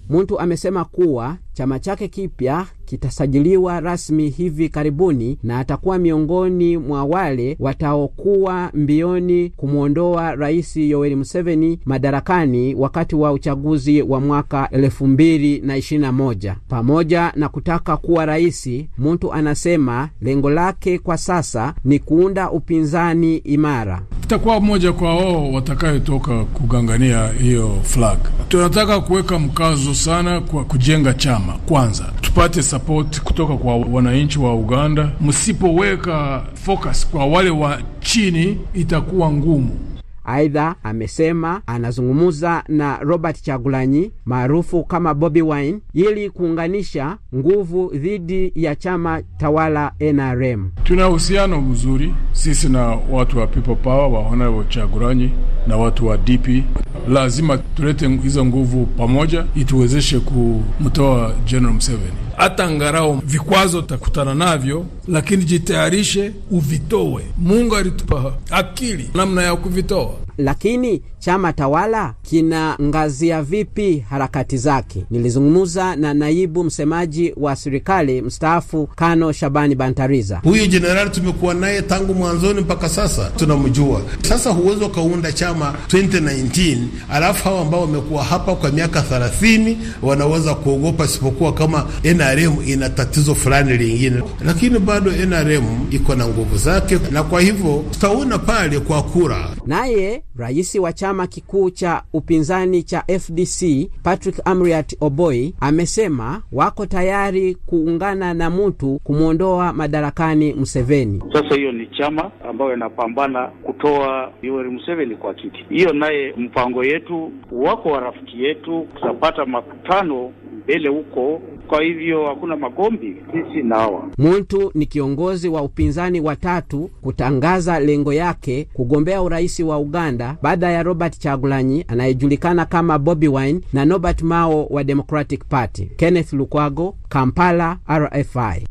Muntu amesema kuwa Chama chake kipya kitasajiliwa rasmi hivi karibuni na atakuwa miongoni mwa wale wataokuwa mbioni kumwondoa Rais Yoweri Museveni madarakani wakati wa uchaguzi wa mwaka elfu mbili na ishirini na moja. Pamoja na kutaka kuwa rais, mtu anasema lengo lake kwa sasa ni kuunda upinzani imara. Tutakuwa mmoja kwa wao watakayotoka kugangania hiyo flag. Tunataka kuweka mkazo sana kwa kujenga chama usalama kwanza, tupate support kutoka kwa wananchi wa Uganda. Msipoweka focus kwa wale wa chini, itakuwa ngumu. Aidha, amesema anazungumza na Robert Chagulanyi maarufu kama Bobi Wine ili kuunganisha nguvu dhidi ya chama tawala NRM. Tuna uhusiano mzuri sisi na watu wa People Power wa Honorable Chagulanyi na watu wa DP. Lazima tulete hizo nguvu pamoja, ituwezeshe kumtoa General mseveni hata angarao vikwazo utakutana navyo, lakini jitayarishe uvitowe Mungu alitupa akili namna ya kuvitoa lakini chama tawala kinaangazia vipi harakati zake? Nilizungumza na naibu msemaji wa serikali mstaafu Kano Shabani Bantariza. Huyu jenerali tumekuwa naye tangu mwanzoni mpaka sasa, tunamjua. Sasa huwezi ukaunda chama 2019 alafu hawa ambao wamekuwa hapa kwa miaka 30 wanaweza kuogopa, isipokuwa kama NRM ina tatizo fulani lingine, lakini bado NRM iko na nguvu zake, na kwa hivyo tutaona pale kwa kura. Naye Rais wa chama kikuu cha upinzani cha FDC Patrick Amriat oboy amesema wako tayari kuungana na mtu kumwondoa madarakani Museveni. Sasa hiyo ni chama ambayo inapambana kutoa Yoweri Museveni kwa kiti, hiyo naye mpango yetu, wako warafiki yetu, tutapata makutano mbele huko, kwa hivyo hakuna magombi sisi nawa. Muntu ni kiongozi wa upinzani watatu kutangaza lengo yake kugombea urais wa Uganda baada ya Robert Chagulanyi anayejulikana kama Bobi Wine na Norbert Mao wa Democratic Party. Kenneth Lukwago, Kampala, RFI.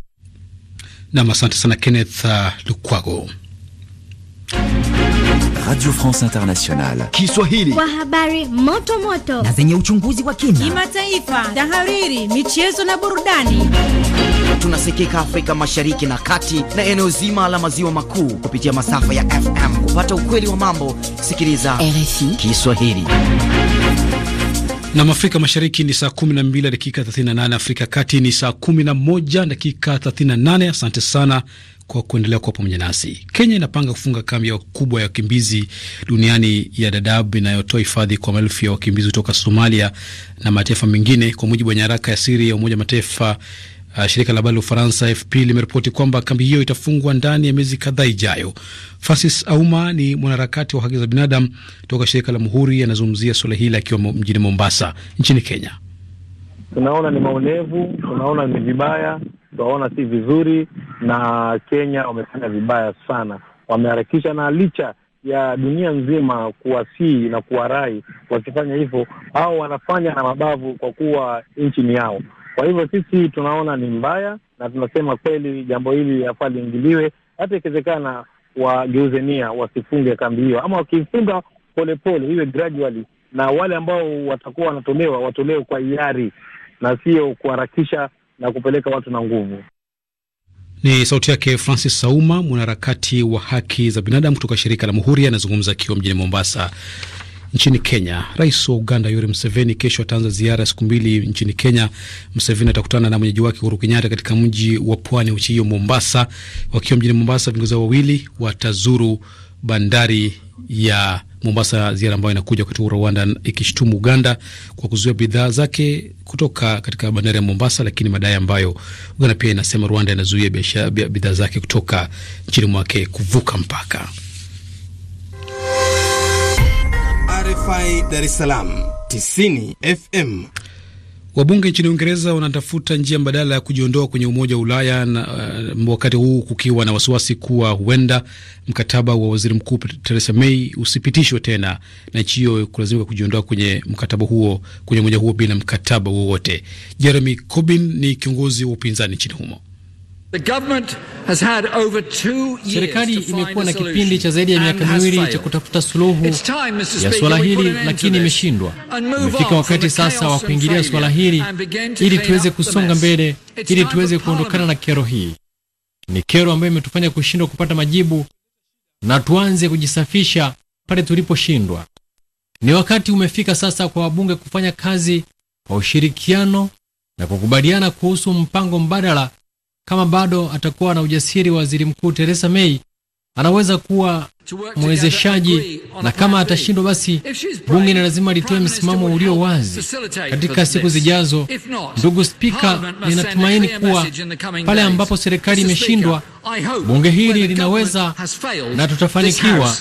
Nam, asante sana Kenneth uh, Lukwago. Radio France Internationale Kiswahili, kwa habari moto moto na zenye uchunguzi wa kina, kimataifa, tahariri, michezo na burudani. Tunasikika Afrika Mashariki na Kati na eneo zima la maziwa makuu kupitia masafa ya FM. Kupata ukweli wa mambo, sikiliza RFI Kiswahili. Na Afrika Mashariki ni saa 12 dakika 38, Afrika Kati ni saa 11 dakika 38. Asante sana kwa kuendelea kuwa pamoja nasi. Kenya inapanga kufunga kambi kubwa ya wakimbizi duniani ya Dadaab inayotoa hifadhi kwa maelfu ya wakimbizi kutoka Somalia na mataifa mengine, kwa mujibu wa nyaraka ya siri ya Umoja Mataifa. Uh, shirika la habari la Ufaransa FP limeripoti kwamba kambi hiyo itafungwa ndani ya miezi kadhaa ijayo. Francis Auma ni mwanaharakati wa haki za binadamu toka shirika la Muhuri, anazungumzia suala hili akiwa mjini Mombasa nchini Kenya. Tunaona ni maonevu, tunaona ni vibaya, tunaona si vizuri, na Kenya wamefanya vibaya sana, wameharakisha na licha ya dunia nzima kuwasii na kuwarai wakifanya hivyo, au wanafanya na mabavu kwa kuwa nchi ni yao. Kwa hivyo sisi tunaona ni mbaya, na tunasema kweli jambo hili yafaa liingiliwe, hata ikiwezekana wageuze nia, wasifunge kambi hiyo, ama wakifunga polepole, iwe gradually, na wale ambao watakuwa wanatolewa watolewe kwa hiari na sio kuharakisha na kupeleka watu na nguvu. Ni sauti yake Francis Sauma, mwanaharakati wa haki za binadamu kutoka shirika la Muhuri, anazungumza akiwa mjini Mombasa nchini Kenya. Rais wa Uganda Yoweri Museveni kesho ataanza ziara ya siku mbili nchini Kenya. Museveni atakutana na mwenyeji wake Uhuru Kenyatta katika mji wa pwani wa nchi hiyo Mombasa. Wakiwa mjini Mombasa, viongozi wawili watazuru bandari ya Mombasa, ziara ambayo inakuja wakati huu Rwanda ikishutumu Uganda kwa kuzuia bidhaa zake kutoka katika bandari ya Mombasa, lakini madai ambayo Uganda pia inasema Rwanda inazuia bidhaa zake kutoka nchini mwake kuvuka mpaka. RFI Dar es Salaam 90 FM. Wabunge nchini Uingereza wanatafuta njia mbadala ya kujiondoa kwenye Umoja wa Ulaya na, uh, wakati huu kukiwa na wasiwasi kuwa huenda mkataba wa waziri mkuu Theresa May usipitishwe tena na nchi hiyo kulazimika kujiondoa kwenye mkataba huo, kwenye umoja huo bila mkataba wowote. Jeremy Corbyn ni kiongozi wa upinzani nchini humo. Serikali imekuwa na kipindi cha zaidi ya miaka miwili cha kutafuta suluhu ya suala hili, lakini imeshindwa. Imefika wakati sasa wa kuingilia suala hili ili tuweze kusonga mbele, ili tuweze kuondokana na kero hii. Ni kero ambayo imetufanya kushindwa kupata majibu, na tuanze kujisafisha pale tuliposhindwa. Ni wakati umefika sasa kwa wabunge kufanya kazi kwa ushirikiano na kukubaliana kuhusu mpango mbadala kama bado atakuwa na ujasiri wa waziri mkuu Theresa May anaweza kuwa mwezeshaji, na kama atashindwa, basi bunge ni lazima litoe msimamo ulio wazi katika siku zijazo. Ndugu Spika, ninatumaini kuwa pale ambapo serikali imeshindwa, bunge hili linaweza na tutafanikiwa.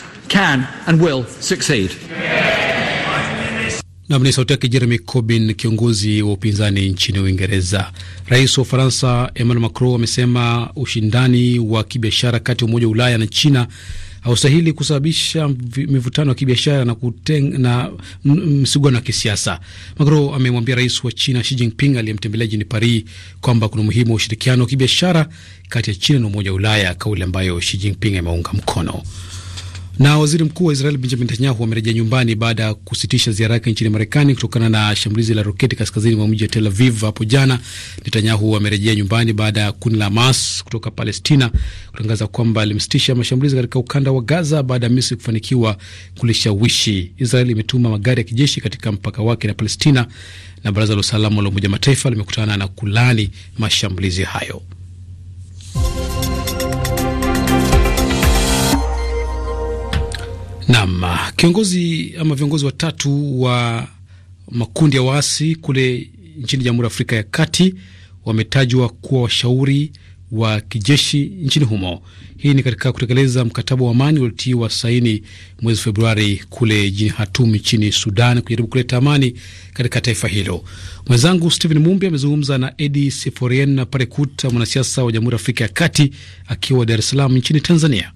Nam ni sauti yake Jeremy Corbyn, kiongozi wa upinzani nchini Uingereza. Rais wa Ufaransa Emmanuel Macron amesema ushindani wa kibiashara kati ya Umoja wa Ulaya na China haustahili kusababisha mivutano ya kibiashara na, na msuguano wa kisiasa. Macron amemwambia rais wa China Xi Jinping aliyemtembelea jijini Paris kwamba kuna umuhimu wa ushirikiano wa kibiashara kati ya China na Umoja wa Ulaya, kauli ambayo Xi Jinping ameunga mkono. Na waziri mkuu wa Israel Benjamin Netanyahu amerejea nyumbani baada ya kusitisha ziara yake nchini Marekani kutokana na shambulizi la roketi kaskazini mwa mji wa Tel Aviv hapo jana. Netanyahu amerejea nyumbani baada ya kundi la Hamas kutoka Palestina kutangaza kwamba limesitisha mashambulizi katika ukanda wa Gaza baada ya Misri kufanikiwa kulishawishi. Israel imetuma magari ya kijeshi katika mpaka wake na Palestina, na baraza la usalama la Umoja Mataifa limekutana na kulani mashambulizi hayo. Naam, ah, kiongozi ama viongozi watatu wa makundi ya waasi kule nchini Jamhuri ya Afrika ya Kati wametajwa kuwa washauri wa kijeshi nchini humo. Hii ni katika kutekeleza mkataba wa amani uliotiwa saini mwezi Februari kule jijini Khartoum nchini Sudan, kujaribu kuleta amani katika taifa hilo. Mwenzangu Stephen Mumbi amezungumza na Edi Seforian Parekuta, mwanasiasa wa Jamhuri ya Afrika ya Kati akiwa Dar es Salaam nchini Tanzania.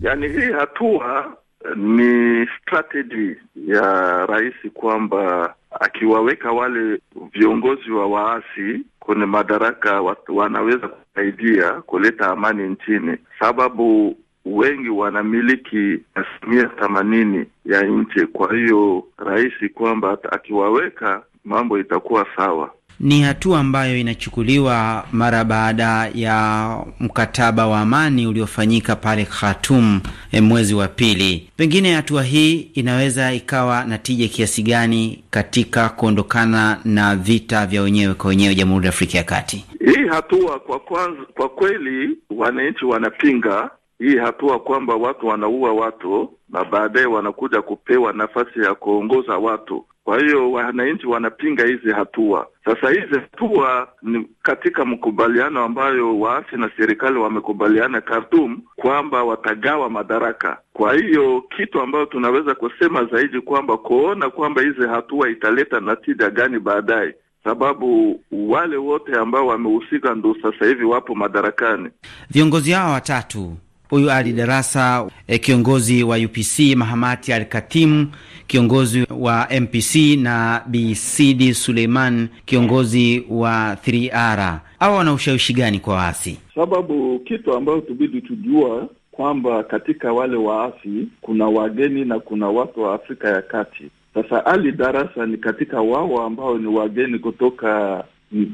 Yaani hii hatua ni strategy ya rais kwamba akiwaweka wale viongozi wa waasi kwenye madaraka wanaweza kusaidia kuleta amani nchini, sababu wengi wanamiliki asilimia themanini ya nchi. Kwa hiyo rais kwamba akiwaweka mambo itakuwa sawa ni hatua ambayo inachukuliwa mara baada ya mkataba wa amani uliofanyika pale Khartoum eh, mwezi wa pili. Pengine hatua hii inaweza ikawa na tija kiasi gani katika kuondokana na vita vya wenyewe kwa wenyewe Jamhuri ya Afrika ya Kati? Hii hatua kwa kwanza, kwa kweli wananchi wanapinga hii hatua kwamba watu wanaua watu na baadaye wanakuja kupewa nafasi ya kuongoza watu kwa hiyo wananchi wanapinga hizi hatua. Sasa hizi hatua ni katika mkubaliano ambayo waasi na serikali wamekubaliana Khartoum kwamba watagawa madaraka. Kwa hiyo kitu ambayo tunaweza kusema zaidi kwamba kuona kwamba hizi hatua italeta natija gani baadaye, sababu wale wote ambao wamehusika ndo sasa hivi wapo madarakani, viongozi hao watatu, huyu Ali Darasa, eh, kiongozi wa UPC, Mahamati Al Katimu kiongozi wa MPC na bcd Suleiman, kiongozi wa 3R. Hawa wana ushawishi gani kwa waasi? Sababu kitu ambayo tubidi tujua kwamba katika wale waasi kuna wageni na kuna watu wa Afrika ya Kati. Sasa Ali Darasa ni katika wao ambao ni wageni kutoka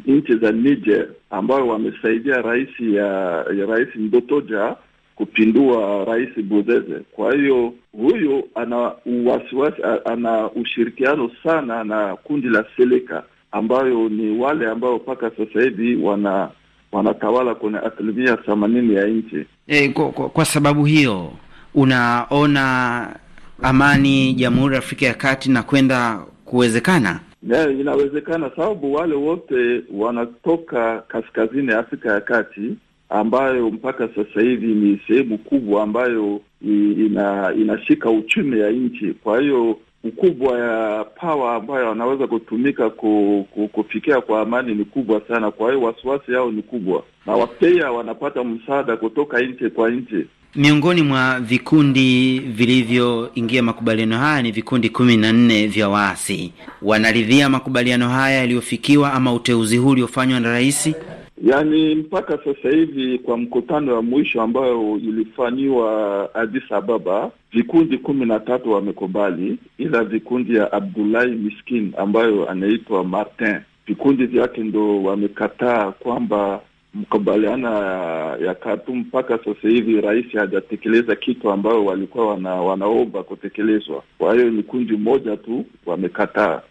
nchi za Niger, ambayo wamesaidia rais ya, ya rais Ndotoja kupindua Rais Bozeze. Kwa hiyo huyu ana uwasiwasi, ana ushirikiano sana na kundi la Seleka ambayo ni wale ambao mpaka sasa hivi wana wanatawala kwenye asilimia themanini ya nchi. E, kwa, kwa, kwa sababu hiyo unaona amani Jamhuri ya Afrika ya Kati na kwenda kuwezekana? Yeah, inawezekana sababu wale wote wanatoka kaskazini ya Afrika ya Kati ambayo mpaka sasa hivi ni sehemu kubwa ambayo ina, inashika uchumi ya nchi. Kwa hiyo ukubwa ya pawa ambayo wanaweza kutumika ku, ku, kufikia kwa amani ni kubwa sana. Kwa hiyo wasiwasi yao ni kubwa, na wapea wanapata msaada kutoka nchi kwa nchi. Miongoni mwa vikundi vilivyoingia makubaliano haya ni vikundi kumi na nne vya waasi. Wanaridhia makubaliano haya yaliyofikiwa ama uteuzi huu uliofanywa na rais? Yaani mpaka sasa hivi kwa mkutano wa mwisho ambayo ilifanyiwa adis Ababa, vikundi kumi na tatu wamekubali, ila vikundi ya abdulahi Miskin ambayo anaitwa Martin, vikundi vyake ndo wamekataa kwamba mkubaliana ya katu mpaka sasa hivi rais hajatekeleza kitu ambayo walikuwa wana, wanaomba kutekelezwa. Kwa hiyo ni kundi moja tu wamekataa.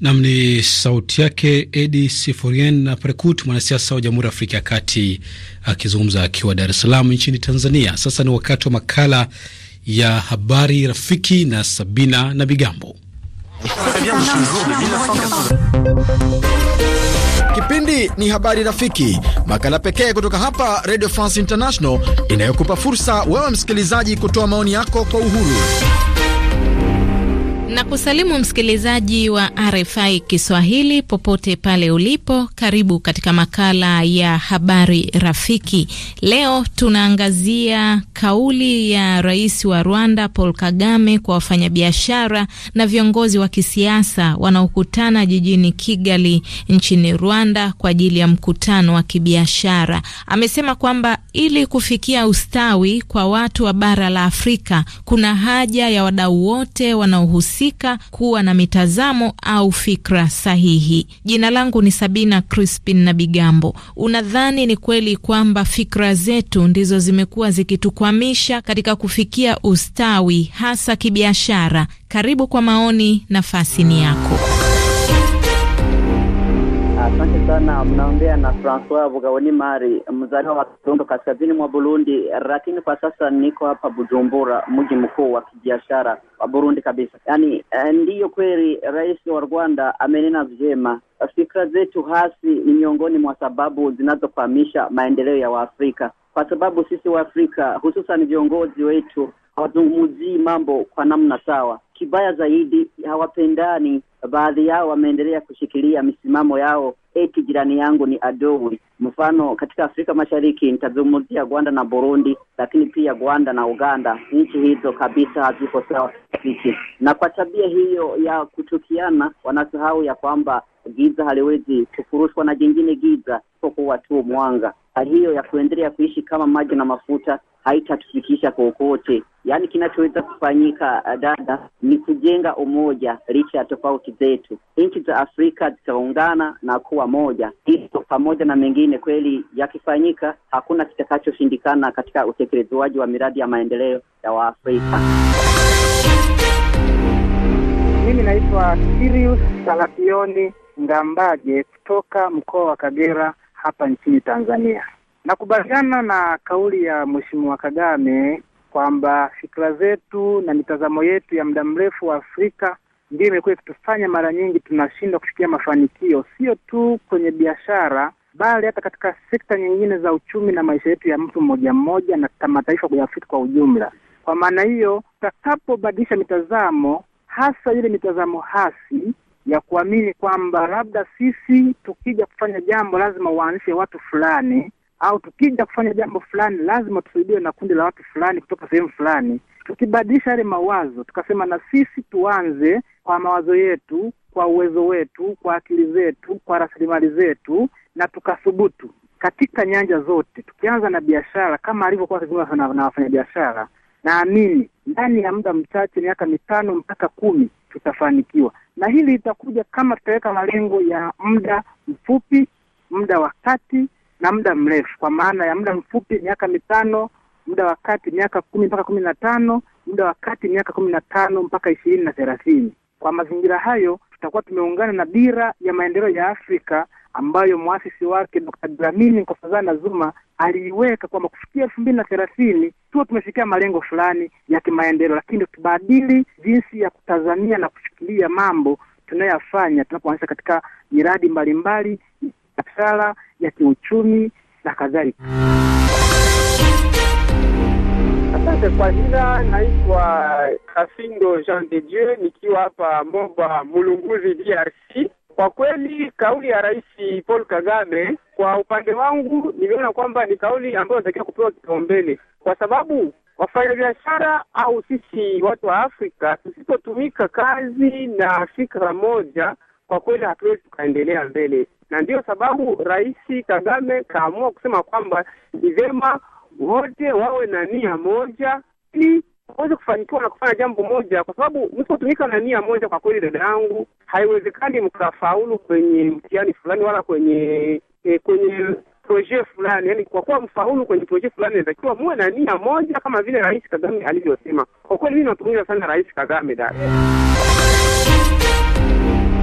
Nam ni sauti yake Edi Sifurien na Prekut, mwanasiasa wa Jamhuri ya Afrika ya Kati akizungumza akiwa Dar es Salaam nchini Tanzania. Sasa ni wakati wa makala ya habari rafiki na Sabina na Bigambo. Kipindi ni habari rafiki, makala pekee kutoka hapa Radio France International inayokupa fursa wewe msikilizaji kutoa maoni yako kwa uhuru na kusalimu msikilizaji wa RFI Kiswahili popote pale ulipo. Karibu katika makala ya habari rafiki. Leo tunaangazia kauli ya rais wa Rwanda Paul Kagame kwa wafanyabiashara na viongozi wa kisiasa wanaokutana jijini Kigali nchini Rwanda kwa ajili ya mkutano wa kibiashara. Amesema kwamba ili kufikia ustawi kwa watu wa bara la Afrika kuna haja ya wadau wote wanaohusika wahusika kuwa na mitazamo au fikra sahihi. Jina langu ni Sabina Crispin na Bigambo. Unadhani ni kweli kwamba fikra zetu ndizo zimekuwa zikitukwamisha katika kufikia ustawi hasa kibiashara? Karibu kwa maoni, nafasi ni yako. Asante sana. Mnaongea na Francois Bugaboni Mari, mzaliwa wa Kirundo, kaskazini mwa Burundi, lakini kwa sasa niko hapa Bujumbura, mji mkuu wa kibiashara wa Burundi kabisa. Yaani eh, ndiyo kweli, rais wa Rwanda amenena vyema. Fikra zetu hasi ni miongoni mwa sababu zinazofahamisha maendeleo ya Waafrika, kwa sababu sisi Waafrika hususan viongozi wetu hawazungumzii mambo kwa namna sawa. Kibaya zaidi, hawapendani. Baadhi yao wameendelea kushikilia misimamo yao, eti jirani yangu ni adui. Mfano, katika Afrika Mashariki nitazungumzia Rwanda na Burundi, lakini pia Rwanda na Uganda. Nchi hizo kabisa haziko sawa kirafiki, na kwa tabia hiyo ya kuchukiana wanasahau ya kwamba giza haliwezi kufurushwa na jingine giza isipokuwa tu mwanga. Hali hiyo ya kuendelea kuishi kama maji na mafuta haitatufikisha kokote. Yaani, kinachoweza kufanyika eh, dada, ni kujenga umoja licha ya tofauti zetu. Nchi za Afrika zitaungana na kuwa moja, hilo pamoja na mengine kweli yakifanyika, hakuna kitakachoshindikana katika utekelezaji wa miradi ya maendeleo ya Waafrika. Mimi naitwa Sirius Salafioni Ngambaje kutoka mkoa wa Kagera hapa nchini Tanzania. Nakubaliana na kauli ya Mheshimiwa Kagame kwamba fikra zetu na mitazamo yetu ya muda mrefu wa Afrika ndiyo imekuwa ikitufanya mara nyingi tunashindwa kufikia mafanikio, sio tu kwenye biashara, bali hata katika sekta nyingine za uchumi na maisha yetu ya mtu mmoja mmoja na mataifa ya Afrika kwa ujumla. Kwa maana hiyo, tutakapobadilisha mitazamo, hasa ile mitazamo hasi ya kuamini kwamba labda sisi tukija kufanya jambo lazima waanzishe watu fulani au tukija kufanya jambo fulani lazima tusaidiwe na kundi la watu fulani kutoka sehemu fulani. Tukibadilisha yale mawazo, tukasema na sisi tuanze kwa mawazo yetu, kwa uwezo wetu, kwa akili zetu, kwa rasilimali zetu, na tukathubutu katika nyanja zote, tukianza na biashara kama alivyokuwa akizungumza na, na wafanyabiashara. Naamini ndani ya muda mchache, miaka mitano mpaka kumi, tutafanikiwa na hili litakuja kama tutaweka malengo ya muda mfupi, muda wa kati na muda mrefu, kwa maana ya muda mfupi miaka mitano, muda wa kati miaka kumi mpaka kumi na tano, muda wa kati miaka kumi na tano mpaka ishirini na thelathini. Kwa mazingira hayo, tutakuwa tumeungana na dira ya maendeleo ya Afrika ambayo mwasisi wake Dr. Dlamini Nkosazana Zuma aliiweka kwamba kufikia elfu mbili na thelathini tuwe tumefikia malengo fulani ya kimaendeleo, lakini tubadili jinsi ya kutazamia na kufikiria mambo tunayoyafanya tunapoanzisha katika miradi mbalimbali biashara, ya kiuchumi na kadhalika. Asante kwa jina, naitwa Kasindo Jean de Dieu nikiwa hapa Moba Mulunguzi, DRC. Kwa kweli kauli ya Rais Paul Kagame kwa upande wangu niliona kwamba ni kauli ambayo inatakiwa kupewa kipaumbele, kwa sababu wafanyabiashara au sisi watu wa Afrika tusipotumika kazi na fikra moja, kwa kweli hatuwezi tukaendelea mbele na ndiyo sababu Rais Kagame kaamua kusema kwamba ni vyema wote wawe na nia moja ili waweze kufanikiwa na kufanya jambo moja, kwa sababu msipotumika na nia moja, kwa kweli dada yangu, haiwezekani mkafaulu kwenye mtihani fulani wala kwenye e, kwenye proje fulani. Yani kwa kuwa mfaulu kwenye proje fulani, inatakiwa muwe na nia moja, kama vile Rais Kagame alivyosema. Kwa kweli mimi natumiza sana Rais Kagame dada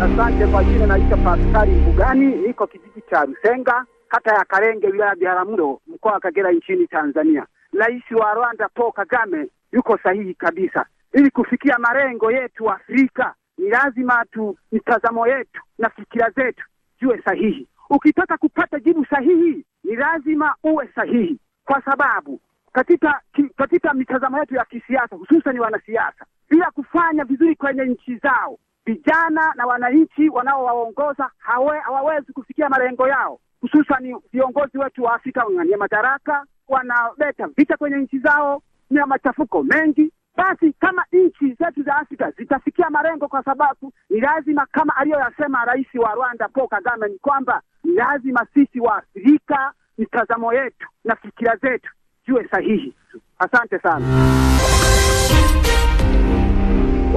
Asante kwa jina, naitwa Paskari Mbugani, niko kijiji cha Rusenga, kata ya Karenge, wilaya ya Biharamulo, mkoa wa Kagera, nchini Tanzania. Rais wa Rwanda Paul Kagame yuko sahihi kabisa. Ili kufikia malengo yetu Afrika, ni lazima tu mitazamo yetu na fikira zetu ziwe sahihi. Ukitaka kupata jibu sahihi, ni lazima uwe sahihi, kwa sababu katika ki, katika mitazamo yetu ya kisiasa, hususan wanasiasa, bila kufanya vizuri kwenye nchi zao vijana na wananchi wanaowaongoza hawawezi kufikia malengo yao, hususan viongozi wetu wa Afrika wang'ania madaraka, wanaleta vita kwenye nchi zao na machafuko mengi. Basi kama nchi zetu za Afrika zitafikia malengo, kwa sababu ni lazima, kama aliyoyasema rais wa Rwanda Paul Kagame, ni kwamba ni lazima sisi Waafrika mitazamo yetu na fikira zetu ziwe sahihi. Asante sana.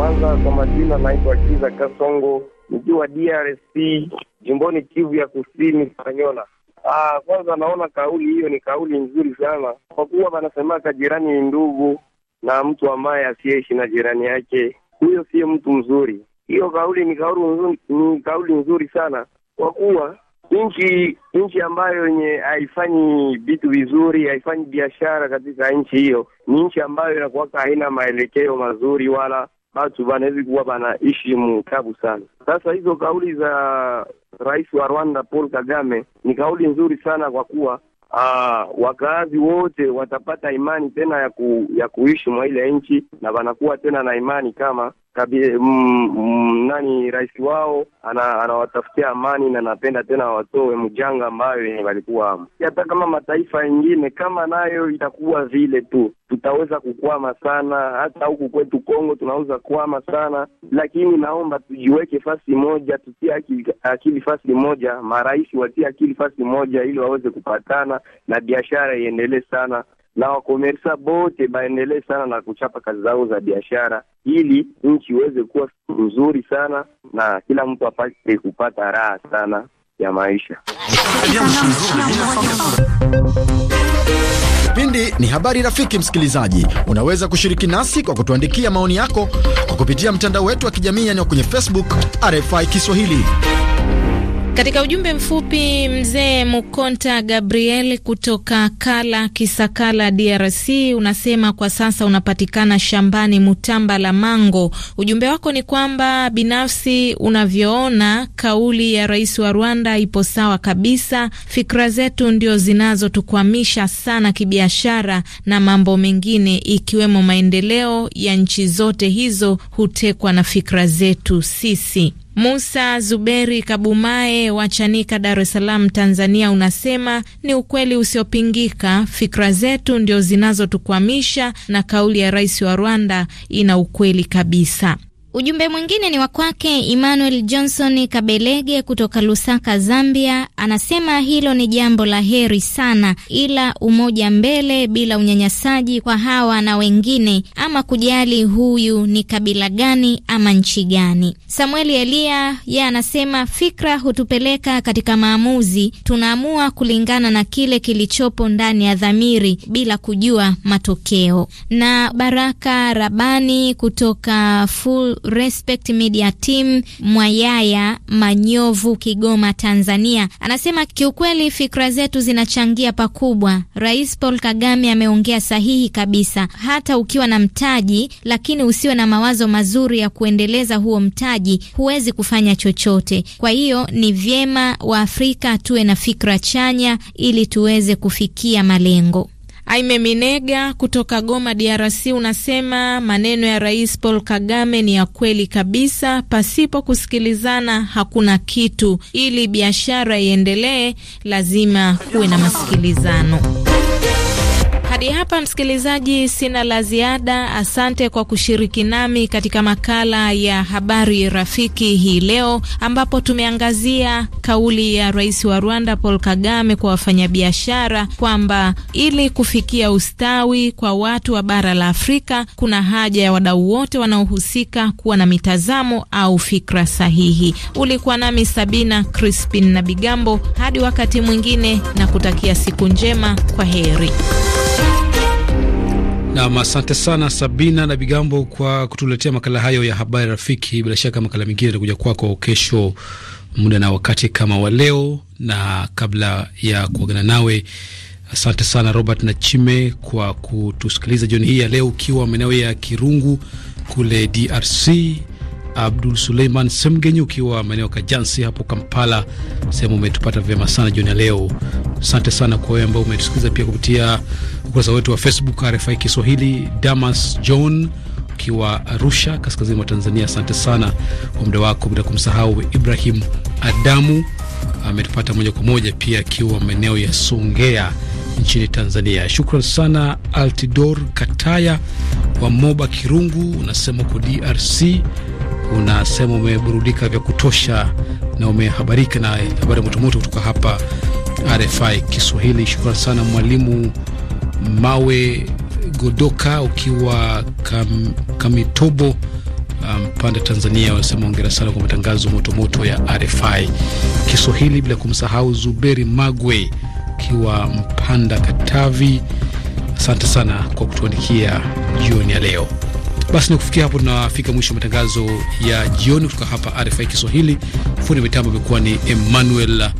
Kwanza kwa majina, naitwa Kiza Kasongo nikiwa DRC jimboni Kivu ya Kusini, Panyona. Ah, kwanza naona kauli hiyo ni kauli nzuri sana, kwa kuwa wanasemaka jirani ni ndugu, na mtu ambaye asiyeishi na jirani yake huyo siye mtu mzuri. Hiyo kauli ni kauli nzuri, ni kauli nzuri sana, kwa kuwa nchi nchi ambayo yenye haifanyi vitu vizuri, haifanyi biashara katika nchi hiyo, ni nchi ambayo inakuwaka haina maelekeo mazuri wala batu banawezi kuwa banaishi mukabu sana. Sasa hizo kauli za rais wa Rwanda Paul Kagame ni kauli nzuri sana kwa kuwa Aa, ah, wakaazi wote watapata imani tena ya, ku, ya kuishi mwa ile nchi na wanakuwa tena na imani kama kabi, mm, mm, nani rais wao anawatafutia ana amani, na napenda tena watoe mjanga ambayo yenye walikuwa hata kama mataifa yengine kama nayo itakuwa vile tu, tutaweza kukwama sana. Hata huku kwetu Kongo tunaweza kwama sana, lakini naomba tujiweke fasi moja, tutie akili, akili fasi moja, marais watie akili fasi moja ili waweze kupatana na biashara iendelee sana na wakomersa bote baendelee sana na kuchapa kazi zao za biashara, ili nchi iweze kuwa nzuri sana na kila mtu apate kupata raha sana ya maisha. Kipindi ni habari. Rafiki msikilizaji, unaweza kushiriki nasi kwa kutuandikia maoni yako kwa kupitia mtandao wetu wa kijamii, yaani kwenye Facebook RFI Kiswahili. Katika ujumbe mfupi mzee Mukonta Gabriel kutoka Kala Kisakala, DRC, unasema kwa sasa unapatikana shambani Mutamba la Mango. Ujumbe wako ni kwamba binafsi unavyoona kauli ya rais wa Rwanda ipo sawa kabisa. Fikra zetu ndio zinazotukwamisha sana kibiashara na mambo mengine, ikiwemo maendeleo ya nchi zote hizo hutekwa na fikra zetu sisi. Musa Zuberi Kabumae wa Chanika, Dar es Salaam, Tanzania, unasema ni ukweli usiopingika, fikra zetu ndio zinazotukwamisha na kauli ya rais wa Rwanda ina ukweli kabisa. Ujumbe mwingine ni wa kwake Emmanuel Johnson Kabelege kutoka Lusaka, Zambia. Anasema hilo ni jambo la heri sana, ila umoja mbele, bila unyanyasaji kwa hawa na wengine, ama kujali huyu ni kabila gani ama nchi gani. Samueli Elia yeye anasema fikra hutupeleka katika maamuzi, tunaamua kulingana na kile kilichopo ndani ya dhamiri bila kujua matokeo. Na Baraka Rabani kutoka Full Respect Media Team Mwayaya Manyovu, Kigoma, Tanzania, anasema kiukweli fikra zetu zinachangia pakubwa. Rais Paul Kagame ameongea sahihi kabisa. Hata ukiwa na mtaji lakini usiwe na mawazo mazuri ya kuendeleza huo mtaji, huwezi kufanya chochote. Kwa hiyo ni vyema Waafrika tuwe na fikra chanya ili tuweze kufikia malengo. Aime Minega kutoka Goma, DRC, unasema maneno ya Rais Paul Kagame ni ya kweli kabisa. Pasipo kusikilizana hakuna kitu. Ili biashara iendelee, lazima kuwe na masikilizano. Hadi hapa msikilizaji, sina la ziada. Asante kwa kushiriki nami katika makala ya habari rafiki hii leo, ambapo tumeangazia kauli ya rais wa Rwanda Paul Kagame kwa wafanyabiashara kwamba ili kufikia ustawi kwa watu wa bara la Afrika kuna haja ya wadau wote wanaohusika kuwa na mitazamo au fikra sahihi. Ulikuwa nami Sabina Crispin na Bigambo. Hadi wakati mwingine, na kutakia siku njema. Kwa heri. Nam, asante sana Sabina na Bigambo kwa kutuletea makala hayo ya habari rafiki. Bila shaka makala mengine atakuja kwako kesho muda na wakati kama wa leo, na kabla ya kuagana nawe, asante sana Robert Nachime kwa kutusikiliza jioni hii ya leo, ukiwa maeneo ya Kirungu kule DRC Abdul Suleiman Semgenyu ukiwa maeneo ya Kajansi hapo Kampala, sehemu umetupata vyema sana jioni ya leo. Asante sana kwa wewe ambao umetusikiliza pia kupitia ukurasa wetu wa Facebook RFI Kiswahili. Damas John ukiwa Arusha, kaskazini mwa Tanzania, asante sana kwa muda wako, bila kumsahau Ibrahim Adamu ametupata moja kwa moja pia akiwa maeneo ya Songea nchini Tanzania. Shukran sana Altidor Kataya wa Moba Kirungu, unasema uko DRC unasema umeburudika vya kutosha na umehabarika na habari motomoto kutoka hapa RFI Kiswahili. Shukrani sana Mwalimu Mawe Godoka ukiwa kam, Kamitobo Mpanda um, Tanzania, wanasema hongera sana kwa matangazo motomoto ya RFI Kiswahili, bila kumsahau Zuberi Magwe ukiwa Mpanda Katavi. Asante sana kwa kutuandikia jioni ya leo. Basi na kufikia hapo, tunafika mwisho matangazo ya jioni kutoka hapa RFI Kiswahili. Fundi mitambo amekuwa ni Emmanuel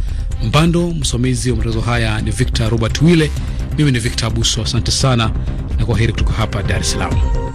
Mbando, msimamizi wa matangazo haya ni Victor Robert Wile, mimi ni Victor Abuso. Asante sana na kwa heri kutoka hapa Dar es Salaam.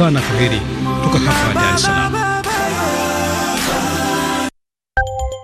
sana. Kwaheri.